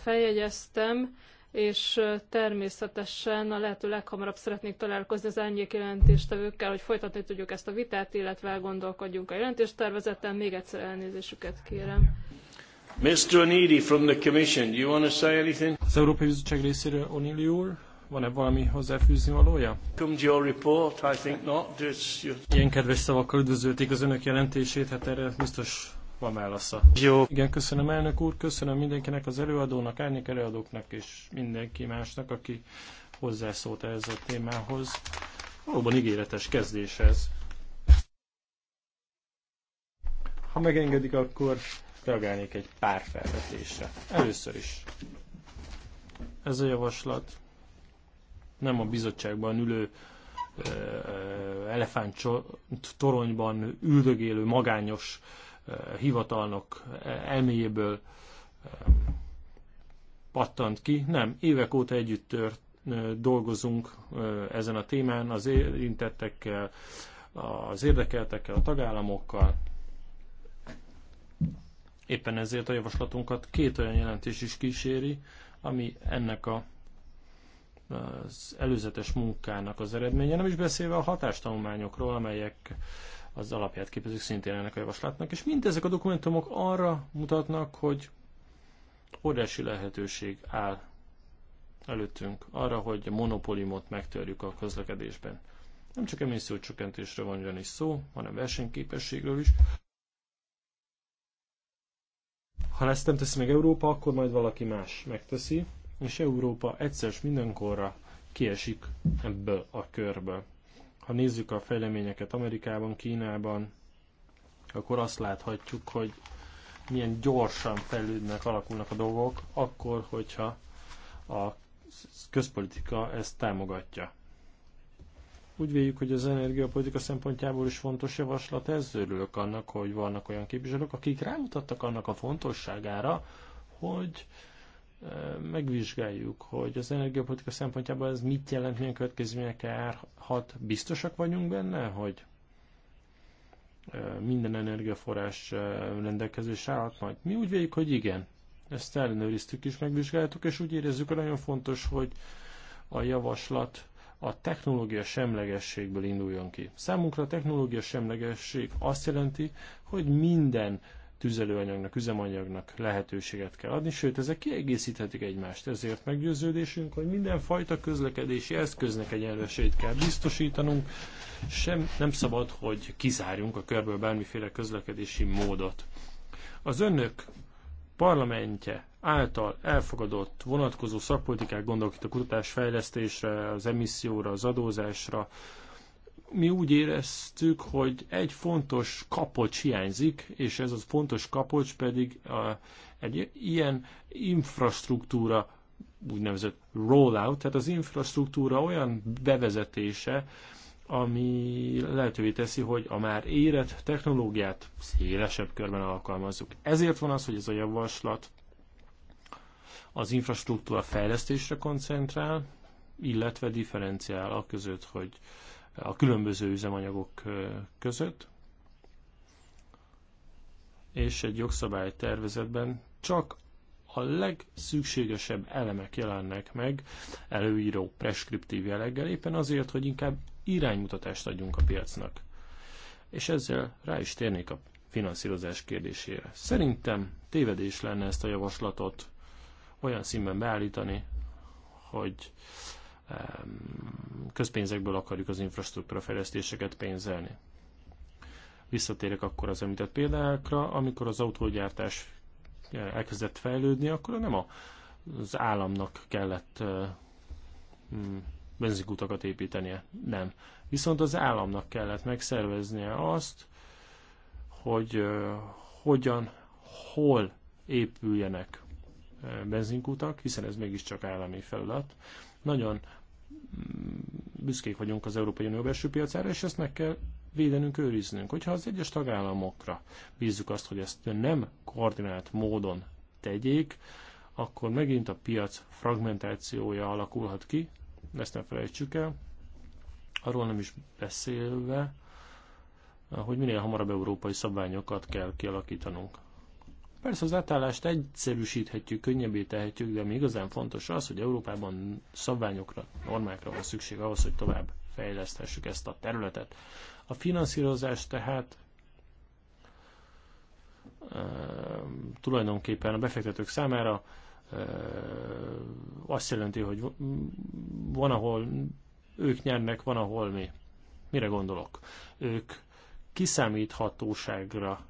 feljegyeztem és természetesen a lehető leghamarabb szeretnék találkozni az árnyék jelentéstevőkkel, hogy folytatni tudjuk ezt a vitát, illetve elgondolkodjunk a jelentéstervezeten. Még egyszer elnézésüket kérem. Mr. O'Neilly from the Commission, do you want to say anything? Az Európai Bizottság részéről O'Neilly úr, van-e valami hozzáfűzni valója? Comes your report, I think not. Your... Ilyen kedves szavakkal üdvözölték az önök jelentését, hát erre biztos Pamela Jó. Igen, köszönöm elnök úr, köszönöm mindenkinek, az előadónak, árnyék előadóknak és mindenki másnak, aki hozzászólt ehhez a témához. Valóban ígéretes kezdés ez. Ha megengedik, akkor reagálnék egy pár felvetésre. Először is. Ez a javaslat nem a bizottságban ülő elefánt toronyban üldögélő magányos hivatalnok elméjéből pattant ki. Nem, évek óta együtt tört, dolgozunk ezen a témán az érintettekkel, az érdekeltekkel, a tagállamokkal. Éppen ezért a javaslatunkat két olyan jelentés is kíséri, ami ennek a, az előzetes munkának az eredménye. Nem is beszélve a hatástanulmányokról, amelyek az alapját képezik szintén ennek a javaslatnak, és mindezek a dokumentumok arra mutatnak, hogy óriási lehetőség áll előttünk arra, hogy a monopóliumot megtörjük a közlekedésben. Nem csak emissziócsökkentésről van ugyanis szó, hanem versenyképességről is. Ha ezt nem teszi meg Európa, akkor majd valaki más megteszi, és Európa egyszer mindenkorra kiesik ebből a körből. Ha nézzük a fejleményeket Amerikában, Kínában, akkor azt láthatjuk, hogy milyen gyorsan fejlődnek, alakulnak a dolgok, akkor, hogyha a közpolitika ezt támogatja. Úgy véljük, hogy az energiapolitika szempontjából is fontos javaslat, ez örülök annak, hogy vannak olyan képviselők, akik rámutattak annak a fontosságára, hogy megvizsgáljuk, hogy az energiapolitika szempontjából ez mit jelent, milyen következményekkel járhat. Biztosak vagyunk benne, hogy minden energiaforrás rendelkezés állhat majd? Mi úgy véljük, hogy igen. Ezt ellenőriztük is, megvizsgáltuk, és úgy érezzük, hogy nagyon fontos, hogy a javaslat a technológia semlegességből induljon ki. Számunkra a technológia semlegesség azt jelenti, hogy minden tüzelőanyagnak, üzemanyagnak lehetőséget kell adni, sőt, ezek kiegészíthetik egymást. Ezért meggyőződésünk, hogy mindenfajta közlekedési eszköznek egy kell biztosítanunk, sem nem szabad, hogy kizárjunk a körből bármiféle közlekedési módot. Az önök parlamentje által elfogadott vonatkozó szakpolitikák kutatás kutatásfejlesztésre, az emisszióra, az adózásra, mi úgy éreztük, hogy egy fontos kapocs hiányzik, és ez a fontos kapocs pedig a, egy ilyen infrastruktúra, úgynevezett rollout, tehát az infrastruktúra olyan bevezetése, ami lehetővé teszi, hogy a már érett technológiát szélesebb körben alkalmazzuk. Ezért van az, hogy ez a javaslat az infrastruktúra fejlesztésre koncentrál, illetve differenciál a között, hogy a különböző üzemanyagok között, és egy jogszabálytervezetben csak a legszükségesebb elemek jelennek meg előíró preskriptív jelleggel, éppen azért, hogy inkább iránymutatást adjunk a piacnak. És ezzel rá is térnék a finanszírozás kérdésére. Szerintem tévedés lenne ezt a javaslatot olyan színben beállítani, hogy közpénzekből akarjuk az infrastruktúra fejlesztéseket pénzelni. Visszatérek akkor az említett példákra, amikor az autógyártás eh, elkezdett fejlődni, akkor nem a, az államnak kellett eh, hmm, benzinkutakat építenie, nem. Viszont az államnak kellett megszerveznie azt, hogy eh, hogyan, hol épüljenek benzinkutak, hiszen ez mégiscsak állami feladat. Nagyon mm, büszkék vagyunk az Európai Unió belső piacára, és ezt meg kell védenünk, őriznünk. Hogyha az egyes tagállamokra bízzuk azt, hogy ezt nem koordinált módon tegyék, akkor megint a piac fragmentációja alakulhat ki, ezt ne felejtsük el, arról nem is beszélve, hogy minél hamarabb európai szabványokat kell kialakítanunk. Persze az átállást egyszerűsíthetjük, könnyebbé tehetjük, de ami igazán fontos az, hogy Európában szabványokra, normákra van szükség ahhoz, hogy tovább fejleszthessük ezt a területet. A finanszírozás tehát ehm, tulajdonképpen a befektetők számára ehm, azt jelenti, hogy van, ahol ők nyernek, van, ahol mi. Mire gondolok? Ők kiszámíthatóságra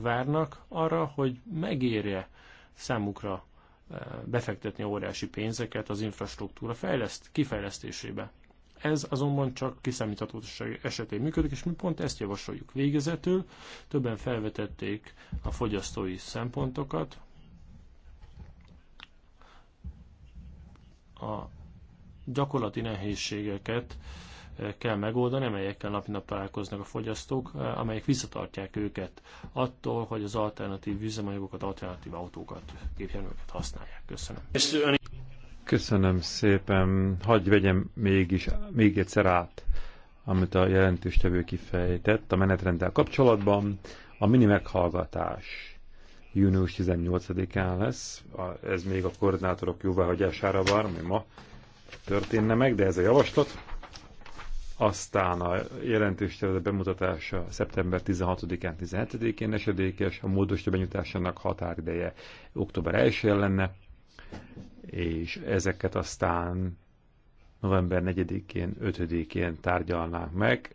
várnak arra, hogy megérje számukra befektetni óriási pénzeket az infrastruktúra fejleszt, kifejlesztésébe. Ez azonban csak kiszámíthatóság esetén működik, és mi pont ezt javasoljuk végezetül. Többen felvetették a fogyasztói szempontokat. A gyakorlati nehézségeket kell megoldani, amelyekkel napi nap találkoznak a fogyasztók, eh, amelyek visszatartják őket attól, hogy az alternatív üzemanyagokat, alternatív autókat, gépjárműveket használják. Köszönöm. Köszönöm szépen. Hagy vegyem mégis, még egyszer át, amit a jelentéstevő kifejtett a menetrenddel kapcsolatban. A mini meghallgatás június 18-án lesz. Ez még a koordinátorok jóváhagyására vár, ami ma történne meg, de ez a javaslat aztán a jelentéstervezet bemutatása szeptember 16-án, 17-én esedékes, a módosító benyújtásának határideje október 1 lenne, és ezeket aztán november 4-én, 5-én tárgyalnánk meg,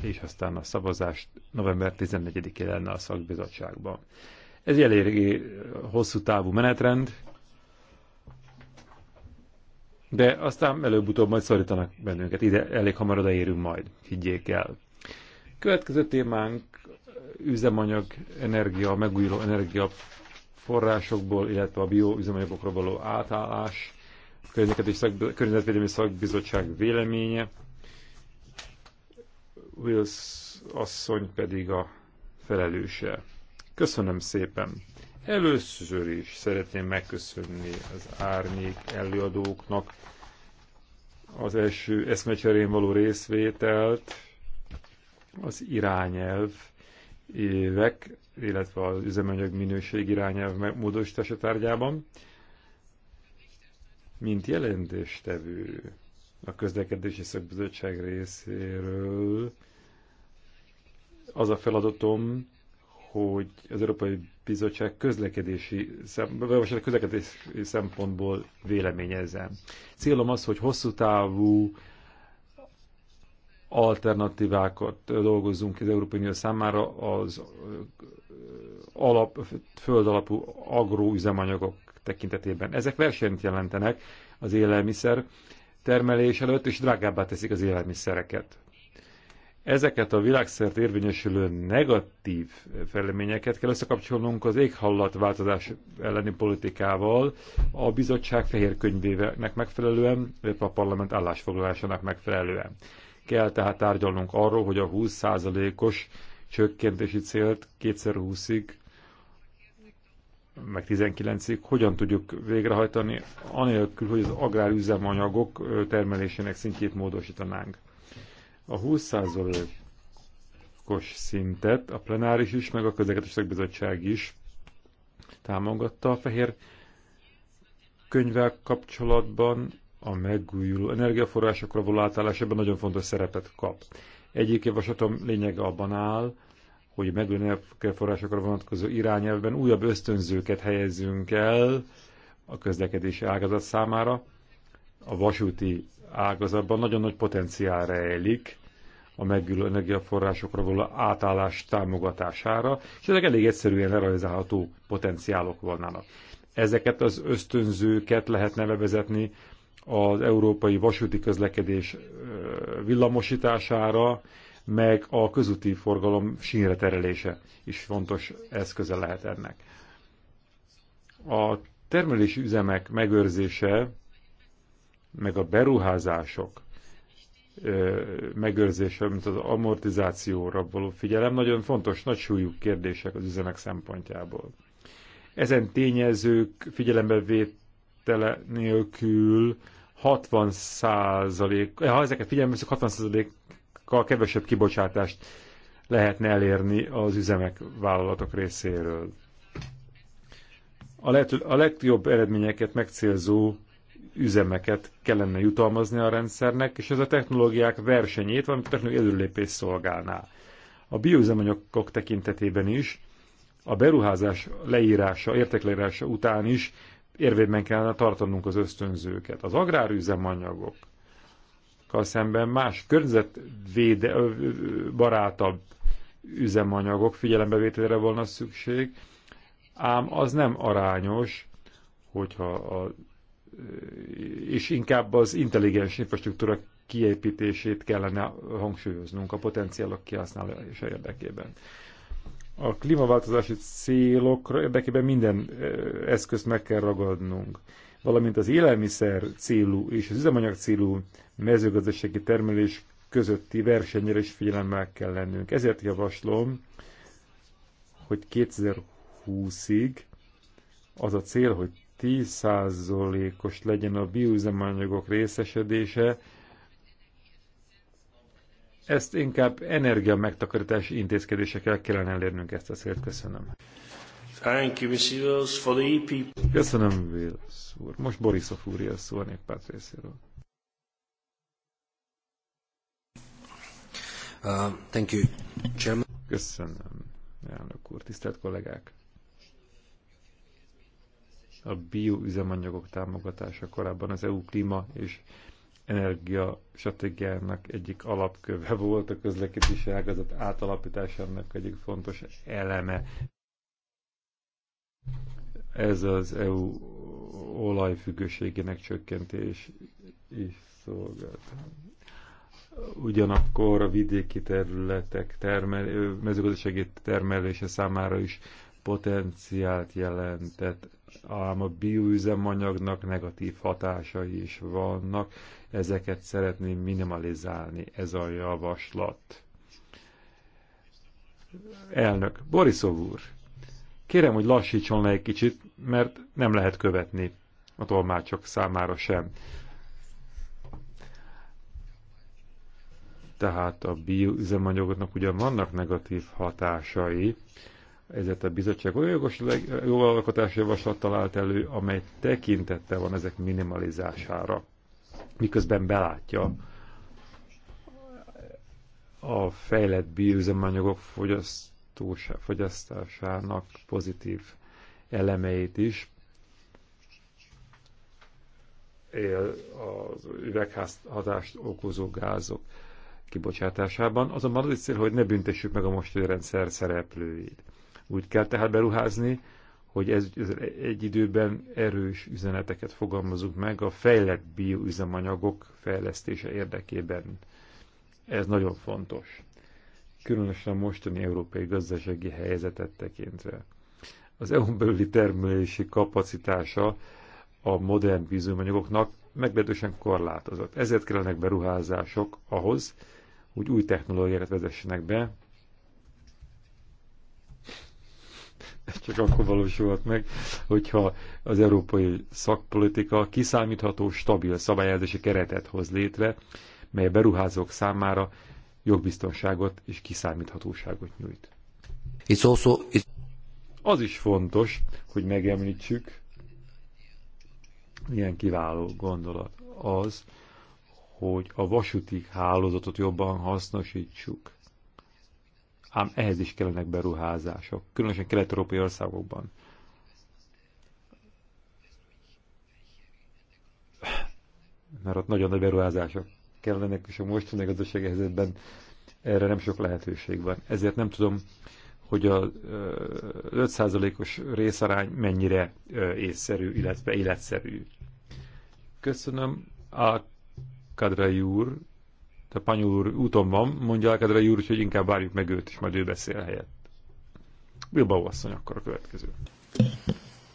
és aztán a szavazást november 14-én lenne a szakbizottságban. Ez egy hosszú távú menetrend, de aztán előbb-utóbb majd szorítanak bennünket. Ide elég hamar odaérünk majd, higgyék el. Következő témánk üzemanyag, energia, megújuló energia forrásokból, illetve a bioüzemanyagokra való átállás, a szak, környezetvédelmi szakbizottság véleménye. Wills asszony pedig a felelőse. Köszönöm szépen! Először is szeretném megköszönni az árnyék előadóknak az első eszmecserén való részvételt, az irányelv évek, illetve az üzemanyag minőség irányelv módosítása tárgyában. Mint jelentéstevő a közlekedési szakbizottság részéről az a feladatom, hogy az Európai Bizottság közlekedési, vagy közlekedési szempontból véleményezzen. Célom az, hogy hosszú távú alternatívákat dolgozzunk az Európai Unió számára az alap, földalapú agróüzemanyagok tekintetében. Ezek versenyt jelentenek az élelmiszer termelés előtt, és drágábbá teszik az élelmiszereket. Ezeket a világszerte érvényesülő negatív fejleményeket kell összekapcsolnunk az éghajlatváltozás elleni politikával, a bizottság fehér könyvének megfelelően, illetve a parlament állásfoglalásának megfelelően. Kell tehát tárgyalnunk arról, hogy a 20%-os csökkentési célt 2020-ig meg 19-ig hogyan tudjuk végrehajtani, anélkül, hogy az agrárüzemanyagok termelésének szintjét módosítanánk a 20%-os szintet a plenáris is, meg a közlekedés szakbizottság is támogatta a fehér könyvvel kapcsolatban a megújuló energiaforrásokra való átállás ebben nagyon fontos szerepet kap. Egyik javaslatom lényege abban áll, hogy a megújuló energiaforrásokra vonatkozó irányelvben újabb ösztönzőket helyezzünk el a közlekedési ágazat számára, a vasúti ágazatban nagyon nagy potenciál rejlik a megülő energiaforrásokra való átállás támogatására, és ezek elég egyszerűen lerajzálható potenciálok vannának. Ezeket az ösztönzőket lehetne bevezetni az európai vasúti közlekedés villamosítására, meg a közúti forgalom sínre terelése is fontos eszköze lehet ennek. A termelési üzemek megőrzése meg a beruházások megőrzése, mint az amortizációra való figyelem nagyon fontos, nagy súlyú kérdések az üzemek szempontjából. Ezen tényezők figyelembevétele nélkül 60 százalék, eh, ha ezeket figyelmezünk, 60 százalékkal kevesebb kibocsátást lehetne elérni az üzemek vállalatok részéről. A, lehető, a legjobb eredményeket megcélzó üzemeket kellene jutalmazni a rendszernek, és ez a technológiák versenyét, valamint a technológiai előrelépés szolgálná. A bioüzemanyagok tekintetében is a beruházás leírása, értékleírása után is érvényben kellene tartanunk az ösztönzőket. Az agrárüzemanyagok szemben más környezetvéde, barátabb üzemanyagok figyelembevételre volna szükség, ám az nem arányos, hogyha az és inkább az intelligens infrastruktúra kiépítését kellene hangsúlyoznunk a potenciálok kihasználása érdekében. A klímaváltozási célok érdekében minden eszközt meg kell ragadnunk, valamint az élelmiszer célú és az üzemanyag célú mezőgazdasági termelés közötti versenyre is figyelemmel kell lennünk. Ezért javaslom, hogy 2020-ig az a cél, hogy 10%-os legyen a bioüzemanyagok részesedése, ezt inkább energia megtakarítási intézkedésekkel kellene elérnünk ezt a célt. Köszönöm. Thank you, Mr. Wills, for the EP. Köszönöm, Wills úr. Most Borisov úr a szó a néppárt részéről. Uh, thank you, Chairman. Köszönöm, elnök úr, tisztelt kollégák a bioüzemanyagok támogatása korábban az EU klíma és energia stratégiának egyik alapköve volt, a közlekedési ágazat átalapításának egyik fontos eleme. Ez az EU olajfüggőségének csökkentés is szolgált. Ugyanakkor a vidéki területek termel, mezőgazdasági termelése számára is potenciált jelentett, ám a bioüzemanyagnak negatív hatásai is vannak, ezeket szeretném minimalizálni, ez a javaslat. Elnök, Borisov úr, kérem, hogy lassítson le egy kicsit, mert nem lehet követni a tolmácsok számára sem. Tehát a bioüzemanyagoknak ugyan vannak negatív hatásai, ezért a bizottság olyan jogos jogalkotási javaslat állt elő, amely tekintette van ezek minimalizására, miközben belátja a fejlett bioüzemanyagok fogyasztásának pozitív elemeit is, az üvegházhatást okozó gázok kibocsátásában. Azonban az is cél, hogy ne büntessük meg a mostani rendszer szereplőit. Úgy kell tehát beruházni, hogy ez, ez egy időben erős üzeneteket fogalmazunk meg a fejlett bioüzemanyagok fejlesztése érdekében. Ez nagyon fontos. Különösen mostani európai gazdasági helyzetet tekintve. Az eu belüli termelési kapacitása a modern bioüzemanyagoknak meglehetősen korlátozott. Ezért kellenek beruházások ahhoz, hogy új technológiákat vezessenek be, ez csak akkor valósulhat meg, hogyha az európai szakpolitika kiszámítható, stabil szabályozási keretet hoz létre, mely a beruházók számára jogbiztonságot és kiszámíthatóságot nyújt. It's also, it's... Az is fontos, hogy megemlítsük, milyen kiváló gondolat az, hogy a vasúti hálózatot jobban hasznosítsuk ám ehhez is kellenek beruházások, különösen kelet-európai országokban. Mert ott nagyon nagy beruházások kellenek, és a mostani gazdasági helyzetben erre nem sok lehetőség van. Ezért nem tudom, hogy a 5%-os részarány mennyire észszerű, illetve életszerű. Köszönöm a Kadrai úr, a Panyul úr úton van, mondja a Alkadra úr, hogy inkább várjuk meg őt, és majd ő beszél helyett. Bilbao asszony akkor a következő.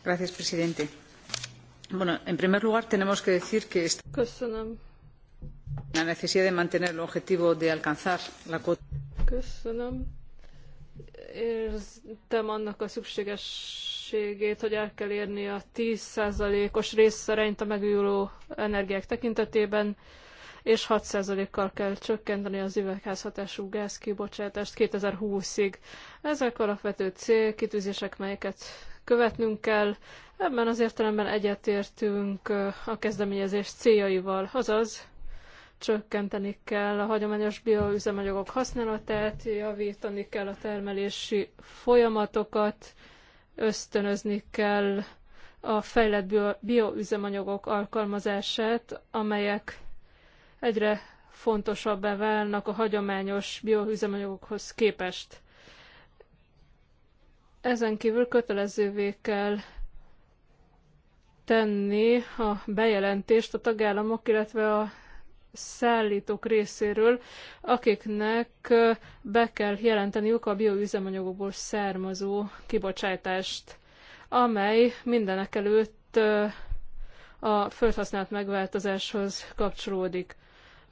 Gracias, presidente. Bueno, en primer lugar tenemos que decir que esta... Köszönöm. La necesidad de mantener el objetivo de alcanzar la cuota. Köszönöm. Értem annak a szükségességét, hogy el kell érni a 10%-os részszerenyt a megújuló energiák tekintetében és 6%-kal kell csökkenteni az üvegházhatású gázkibocsátást 2020-ig. Ezek alapvető célkitűzések, melyeket követnünk kell. Ebben az értelemben egyetértünk a kezdeményezés céljaival, azaz csökkenteni kell a hagyományos bioüzemanyagok használatát, javítani kell a termelési folyamatokat, ösztönözni kell a fejlett bioüzemanyagok alkalmazását, amelyek egyre fontosabbá válnak a hagyományos bioüzemanyagokhoz képest. Ezen kívül kötelezővé kell tenni a bejelentést a tagállamok, illetve a szállítók részéről, akiknek be kell jelenteniük a bioüzemanyagokból származó kibocsátást, amely mindenek előtt a földhasználat megváltozáshoz kapcsolódik.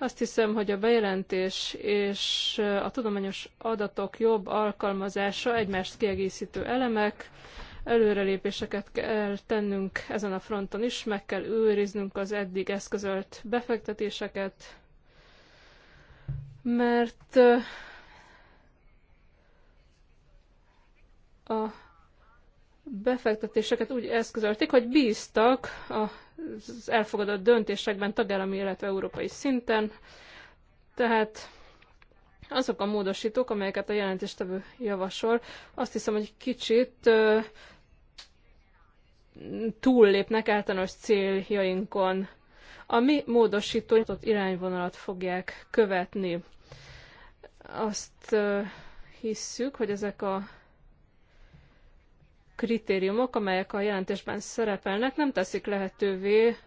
Azt hiszem, hogy a bejelentés és eh, a tudományos adatok jobb alkalmazása egymást kiegészítő elemek, előrelépéseket kell tennünk ezen a fronton is, meg kell őriznünk az eddig eszközölt befektetéseket, mert eh, a befektetéseket úgy eszközölték, hogy bíztak a az elfogadott döntésekben tagállami, illetve európai szinten. Tehát azok a módosítók, amelyeket a jelentéstevő javasol, azt hiszem, hogy kicsit túllépnek általános céljainkon. A mi módosítónyitott irányvonalat fogják követni. Azt hisszük, hogy ezek a kritériumok, amelyek a jelentésben szerepelnek, nem teszik lehetővé,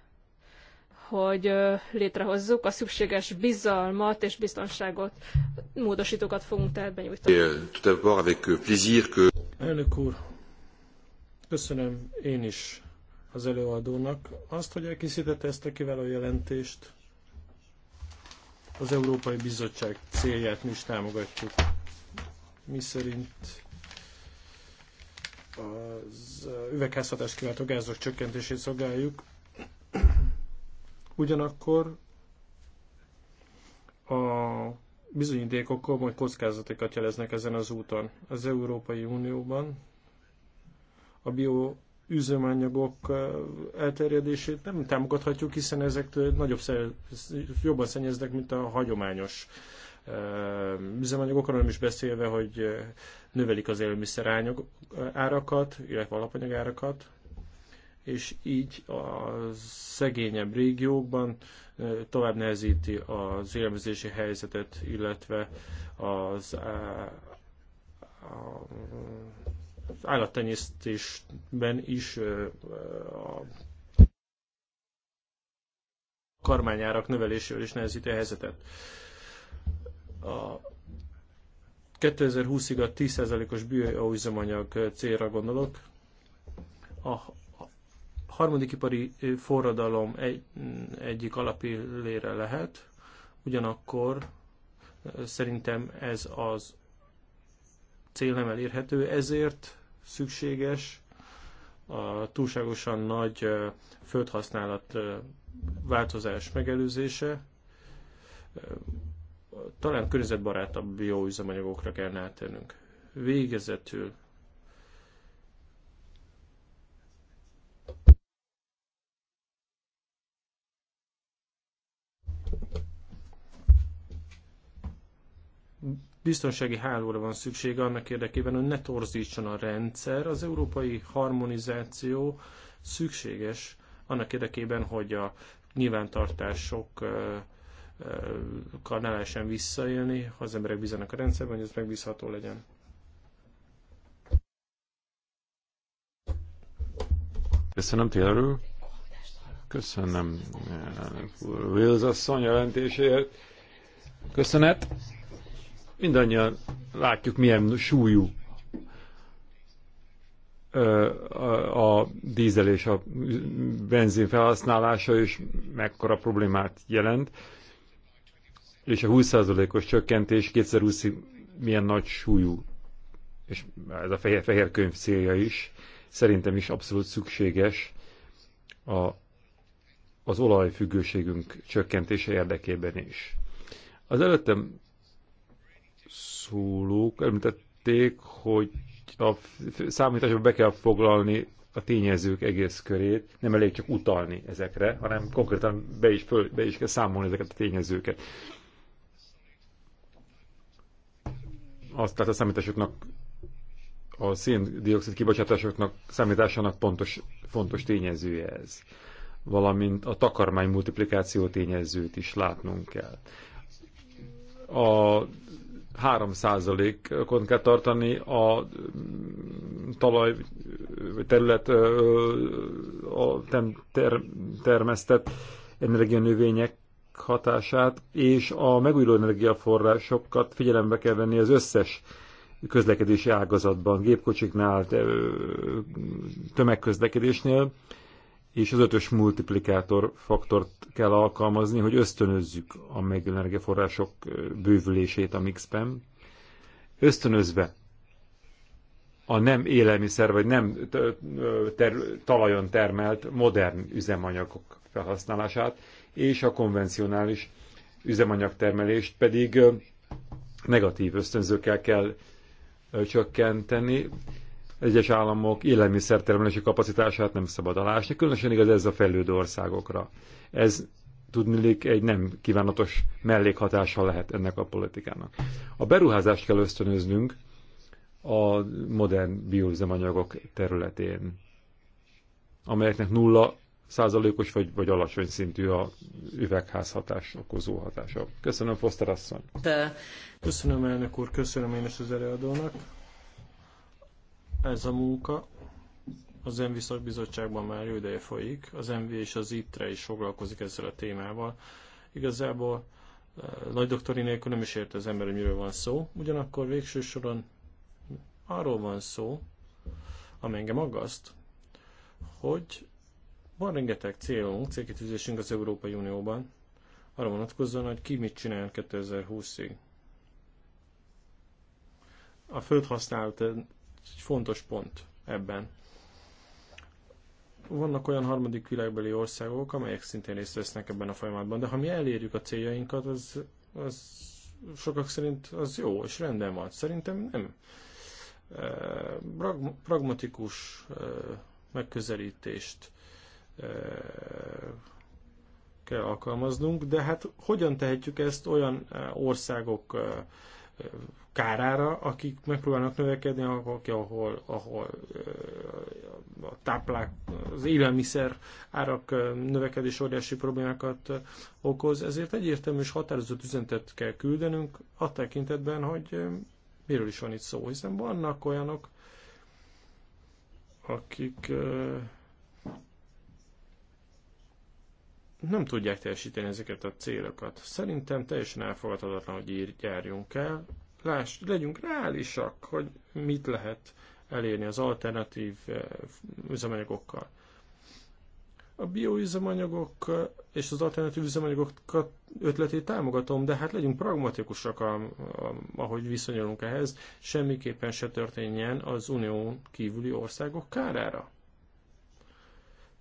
hogy létrehozzuk a szükséges bizalmat és biztonságot. Módosítókat fogunk tehát benyújtani. Euh, euh, Elnök úr, köszönöm én is az előadónak azt, hogy elkészítette ezt a kiváló jelentést. Az Európai Bizottság célját mi is támogatjuk. Mi szerint az üvegházhatást kiváltó gázok csökkentését szolgáljuk. Ugyanakkor a bizonyítékok komoly kockázatokat jeleznek ezen az úton. Az Európai Unióban a bio üzemanyagok elterjedését nem támogathatjuk, hiszen ezek nagyobb, jobban szennyeznek, mint a hagyományos üzemanyagok, arról nem is beszélve, hogy növelik az élelmiszer árakat, illetve alapanyag árakat, és így a szegényebb régiókban tovább nehezíti az élelmezési helyzetet, illetve az, az állattenyésztésben is a karmányárak növelésével is nehezíti a helyzetet. A 2020-ig a 10%-os bioüzemanyag célra gondolok. A harmadik ipari forradalom egy, egyik alapillére lehet, ugyanakkor szerintem ez az cél nem elérhető, ezért szükséges a túlságosan nagy földhasználat változás megelőzése, talán környezetbarátabb bioüzemanyagokra kellene átérnünk. Végezetül biztonsági hálóra van szüksége annak érdekében, hogy ne torzítson a rendszer. Az európai harmonizáció szükséges annak érdekében, hogy a nyilvántartások ne lehessen visszaélni, ha az emberek bízanak a rendszerben, hogy ez megbízható legyen. Köszönöm, Télerő. Köszönöm eh, Wills asszony jelentéséért. Köszönet. Mindannyian látjuk, milyen súlyú eh, a, a dízel és a benzin felhasználása, és mekkora problémát jelent és a 20%-os csökkentés 2020 milyen nagy súlyú, és ez a fehér, fehér könyv célja is, szerintem is abszolút szükséges a, az olajfüggőségünk csökkentése érdekében is. Az előttem szólók említették, hogy a számításba be kell foglalni a tényezők egész körét, nem elég csak utalni ezekre, hanem konkrétan be is, föl, be is kell számolni ezeket a tényezőket. azt tehát a számításoknak a széndiokszid kibocsátásoknak számításának pontos, fontos tényezője ez. Valamint a takarmány multiplikáció tényezőt is látnunk kell. A 3 százalékon kell tartani a mm, talaj terület a termesztett energianövények hatását, és a megújuló energiaforrásokat figyelembe kell venni az összes közlekedési ágazatban, gépkocsiknál, tömegközlekedésnél, és az ötös multiplikátor faktort kell alkalmazni, hogy ösztönözzük a megújuló energiaforrások bővülését a mixben. Ösztönözve a nem élelmiszer vagy nem ter, talajon termelt modern üzemanyagok felhasználását, és a konvencionális üzemanyagtermelést pedig negatív ösztönzőkkel kell csökkenteni. Egyes államok élelmiszertermelési kapacitását nem szabad alásni, különösen igaz ez a fejlődő országokra. Ez tudnilik egy nem kívánatos mellékhatása lehet ennek a politikának. A beruházást kell ösztönöznünk a modern bioüzemanyagok területén, amelyeknek nulla százalékos vagy, vagy alacsony szintű a üvegházhatás okozó hatása. Köszönöm, Foster asszony. De. Köszönöm, elnök úr, köszönöm én is az előadónak. Ez a munka az MV szakbizottságban már jó ideje folyik, az MV és az ITRE is foglalkozik ezzel a témával. Igazából eh, nagy doktori nélkül nem is érte az ember, hogy miről van szó, ugyanakkor végső soron arról van szó, ami engem aggaszt, hogy van rengeteg célunk, célkitűzésünk az Európai Unióban, arra vonatkozóan, hogy ki mit csinál 2020-ig. A földhasználat egy fontos pont ebben. Vannak olyan harmadik világbeli országok, amelyek szintén részt vesznek ebben a folyamatban, de ha mi elérjük a céljainkat, az, az sokak szerint az jó, és rendben van. Szerintem nem. Pragmatikus megközelítést kell alkalmaznunk, de hát hogyan tehetjük ezt olyan országok kárára, akik megpróbálnak növekedni, ahol, ahol a táplák, az élelmiszer árak növekedés óriási problémákat okoz, ezért egyértelmű és határozott üzenetet kell küldenünk a tekintetben, hogy miről is van itt szó, hiszen vannak olyanok, akik nem tudják teljesíteni ezeket a célokat. Szerintem teljesen elfogadhatatlan, hogy így járjunk el. Láss, legyünk reálisak, hogy mit lehet elérni az alternatív eh, üzemanyagokkal. A bioüzemanyagok eh, és az alternatív üzemanyagokat ötletét támogatom, de hát legyünk pragmatikusak, a, a, ahogy viszonyulunk ehhez, semmiképpen se történjen az unión kívüli országok kárára.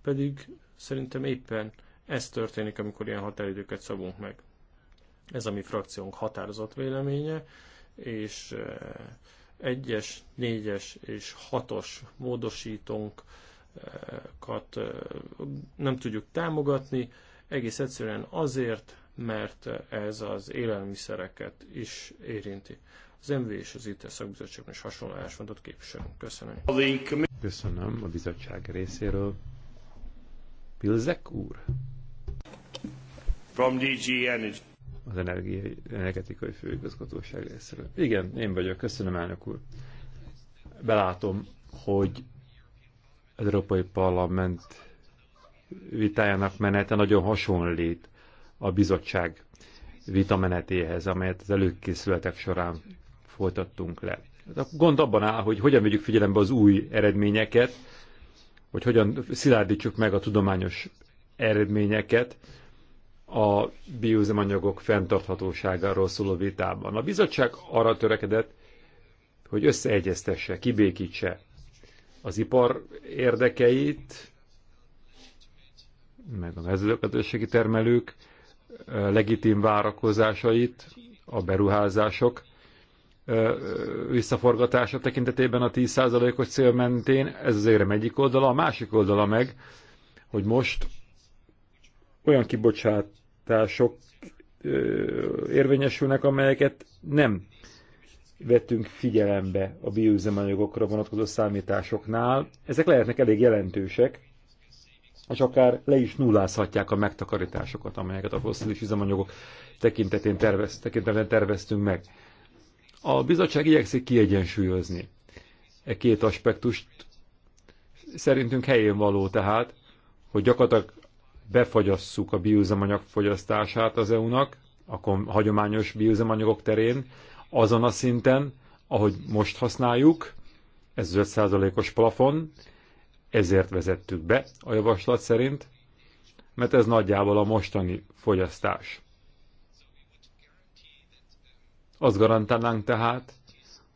Pedig szerintem éppen ez történik, amikor ilyen határidőket szabunk meg. Ez a mi frakciónk határozott véleménye, és eh, egyes, négyes és hatos módosítónkat eh, nem tudjuk támogatni, egész egyszerűen azért, mert eh, ez az élelmiszereket is érinti. Az MV és az IT e szakbizottságban is hasonló álláspontot képviselünk. Köszönöm. Köszönöm a bizottság részéről. Pilzek úr. From DG Energy. Az energiai, energetikai főigazgatóság részéről. Igen, én vagyok. Köszönöm, elnök úr. Belátom, hogy az Európai Parlament vitájának menete nagyon hasonlít a bizottság vitamenetéhez, amelyet az előkészületek során folytattunk le. Hát a gond abban áll, hogy hogyan vegyük figyelembe az új eredményeket, hogy hogyan szilárdítsuk meg a tudományos eredményeket, a bioüzemanyagok fenntarthatóságáról szóló vitában. A bizottság arra törekedett, hogy összeegyeztesse, kibékítse az ipar érdekeit, meg a mezőgazdasági termelők legitim várakozásait, a beruházások visszaforgatása tekintetében a 10%-os cél mentén, ez az érem egyik oldala, a másik oldala meg, hogy most olyan kibocsát kibocsátások érvényesülnek, amelyeket nem vettünk figyelembe a bioüzemanyagokra vonatkozó számításoknál. Ezek lehetnek elég jelentősek, és akár le is nullázhatják a megtakarításokat, amelyeket a fosszilis üzemanyagok tekintetén tervez, tekintetben terveztünk meg. A bizottság igyekszik kiegyensúlyozni e két aspektust. Szerintünk helyén való tehát, hogy gyakorlatilag befagyasszuk a bioüzemanyag fogyasztását az EU-nak, a hagyományos bioüzemanyagok terén, azon a szinten, ahogy most használjuk, ez 5%-os plafon, ezért vezettük be a javaslat szerint, mert ez nagyjából a mostani fogyasztás. Azt garantálnánk tehát,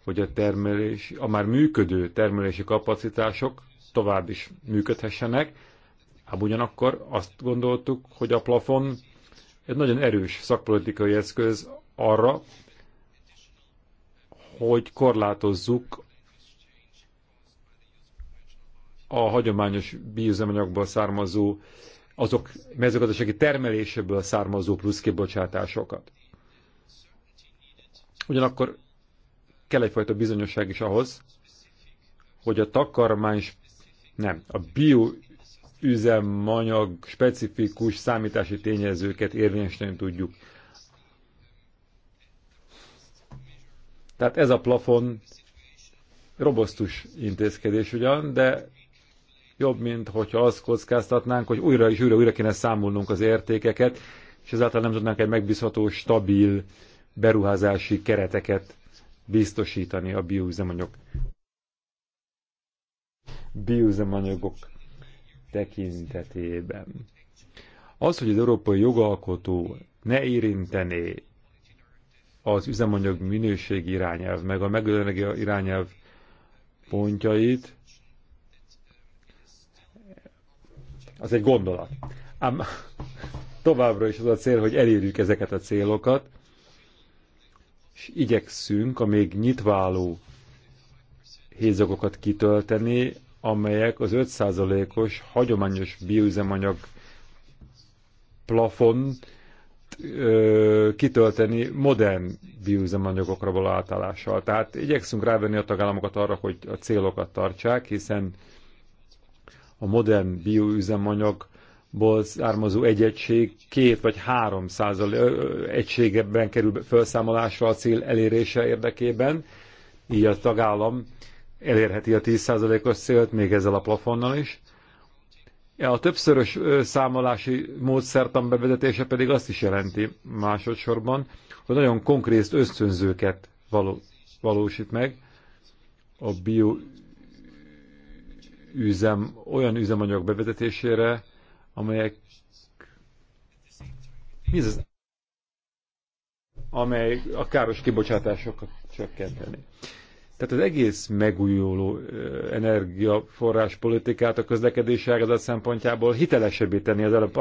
hogy a, termelés, a már működő termelési kapacitások tovább is működhessenek, Ám hát ugyanakkor azt gondoltuk, hogy a plafon egy nagyon erős szakpolitikai eszköz arra, hogy korlátozzuk a hagyományos bioüzemanyagból származó, azok mezőgazdasági termeléséből származó plusz kibocsátásokat. Ugyanakkor kell egyfajta bizonyosság is ahhoz, hogy a takarmány, nem, a bio üzemanyag specifikus számítási tényezőket érvényesíteni tudjuk. Tehát ez a plafon robosztus intézkedés ugyan, de jobb, mint hogyha azt kockáztatnánk, hogy újra és újra, újra kéne számolnunk az értékeket, és ezáltal nem tudnánk egy megbízható, stabil beruházási kereteket biztosítani a bioüzemanyag bioüzemanyagok tekintetében. Az, hogy az európai jogalkotó ne érintené az üzemanyag minőség irányelv, meg a megőlenergia irányelv pontjait, az egy gondolat. Ám továbbra is az a cél, hogy elérjük ezeket a célokat, és igyekszünk a még nyitváló hézagokat kitölteni, amelyek az 5%-os hagyományos bioüzemanyag plafon kitölteni modern bioüzemanyagokra való átállással. Tehát igyekszünk rávenni a tagállamokat arra, hogy a célokat tartsák, hiszen a modern bioüzemanyagból származó egység két vagy három százalék egységeben kerül felszámolásra a cél elérése érdekében, így a tagállam elérheti a 10%-os célt, még ezzel a plafonnal is. E, a többszörös számolási módszertan bevezetése pedig azt is jelenti másodszorban, hogy nagyon konkrét ösztönzőket való, valósít meg. A bio üzem, olyan üzemanyag bevezetésére, amelyek mi ez? amely a káros kibocsátásokat csökkenteni. Tehát az egész megújuló energiaforrás politikát a közlekedési ágazat szempontjából hitelesebbé tenni az előbb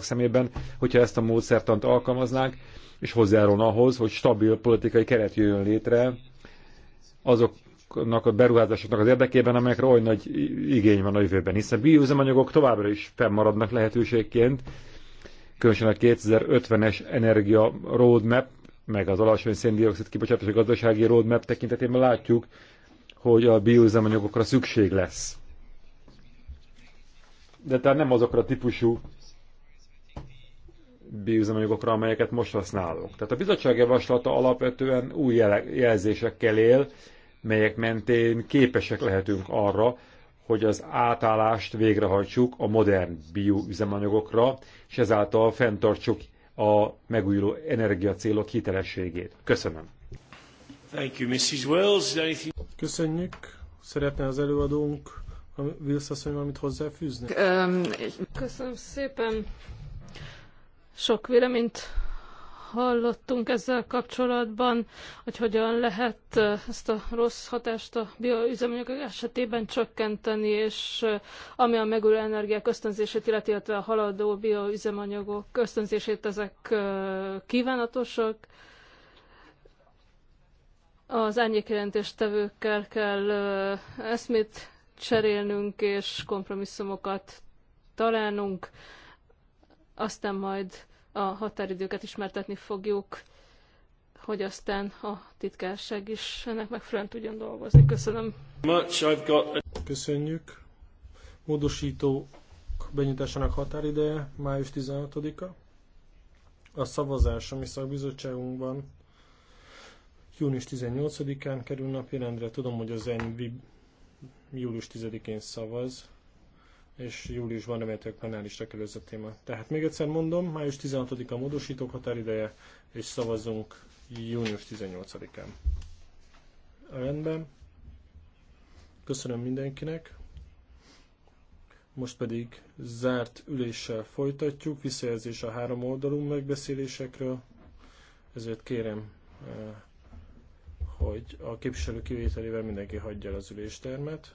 szemében, hogyha ezt a módszertant alkalmaznánk, és hozzájárul ahhoz, hogy stabil politikai keret jöjjön létre azoknak a beruházásoknak az érdekében, amelyekre oly nagy igény van a jövőben, hiszen bioüzemanyagok továbbra is fennmaradnak lehetőségként, különösen a 2050-es energia roadmap meg az alacsony széndiokszid kibocsátás a gazdasági roadmap tekintetében látjuk, hogy a bioüzemanyagokra szükség lesz. De tehát nem azokra a típusú bioüzemanyagokra, amelyeket most használunk. Tehát a bizottság javaslata alapvetően új jelzésekkel él, melyek mentén képesek lehetünk arra, hogy az átállást végrehajtsuk a modern bioüzemanyagokra, és ezáltal fenntartsuk a megújuló energia célok hitelességét. Köszönöm. Thank you, Mrs. Wells. Anything... Köszönjük. Szeretne az előadónk, Wills asszony valamit hozzáfűzni? Köszönöm szépen. Sok véleményt hallottunk ezzel kapcsolatban, hogy hogyan lehet ezt a rossz hatást a bioüzemanyagok esetében csökkenteni, és ami a megújuló energiák ösztönzését, illeti, illetve a haladó bioüzemanyagok ösztönzését, ezek kívánatosak. Az árnyékjelentéstevőkkel kell eszmét cserélnünk, és kompromisszumokat találnunk, aztán majd a határidőket ismertetni fogjuk, hogy aztán a titkárság is ennek megfelelően tudjon dolgozni. Köszönöm. Köszönjük. Módosító benyújtásának határideje május 16-a. A szavazás a mi szakbizottságunkban június 18-án kerül napirendre. Tudom, hogy az ENVI július 10-én szavaz és júliusban remélhetőleg a kerül ez a téma. Tehát még egyszer mondom, május 16-a módosítók határideje, és szavazunk június 18-án. Rendben. Köszönöm mindenkinek. Most pedig zárt üléssel folytatjuk, visszajelzés a három oldalú megbeszélésekről, ezért kérem, eh, hogy a képviselő kivételével mindenki hagyja el az üléstermet.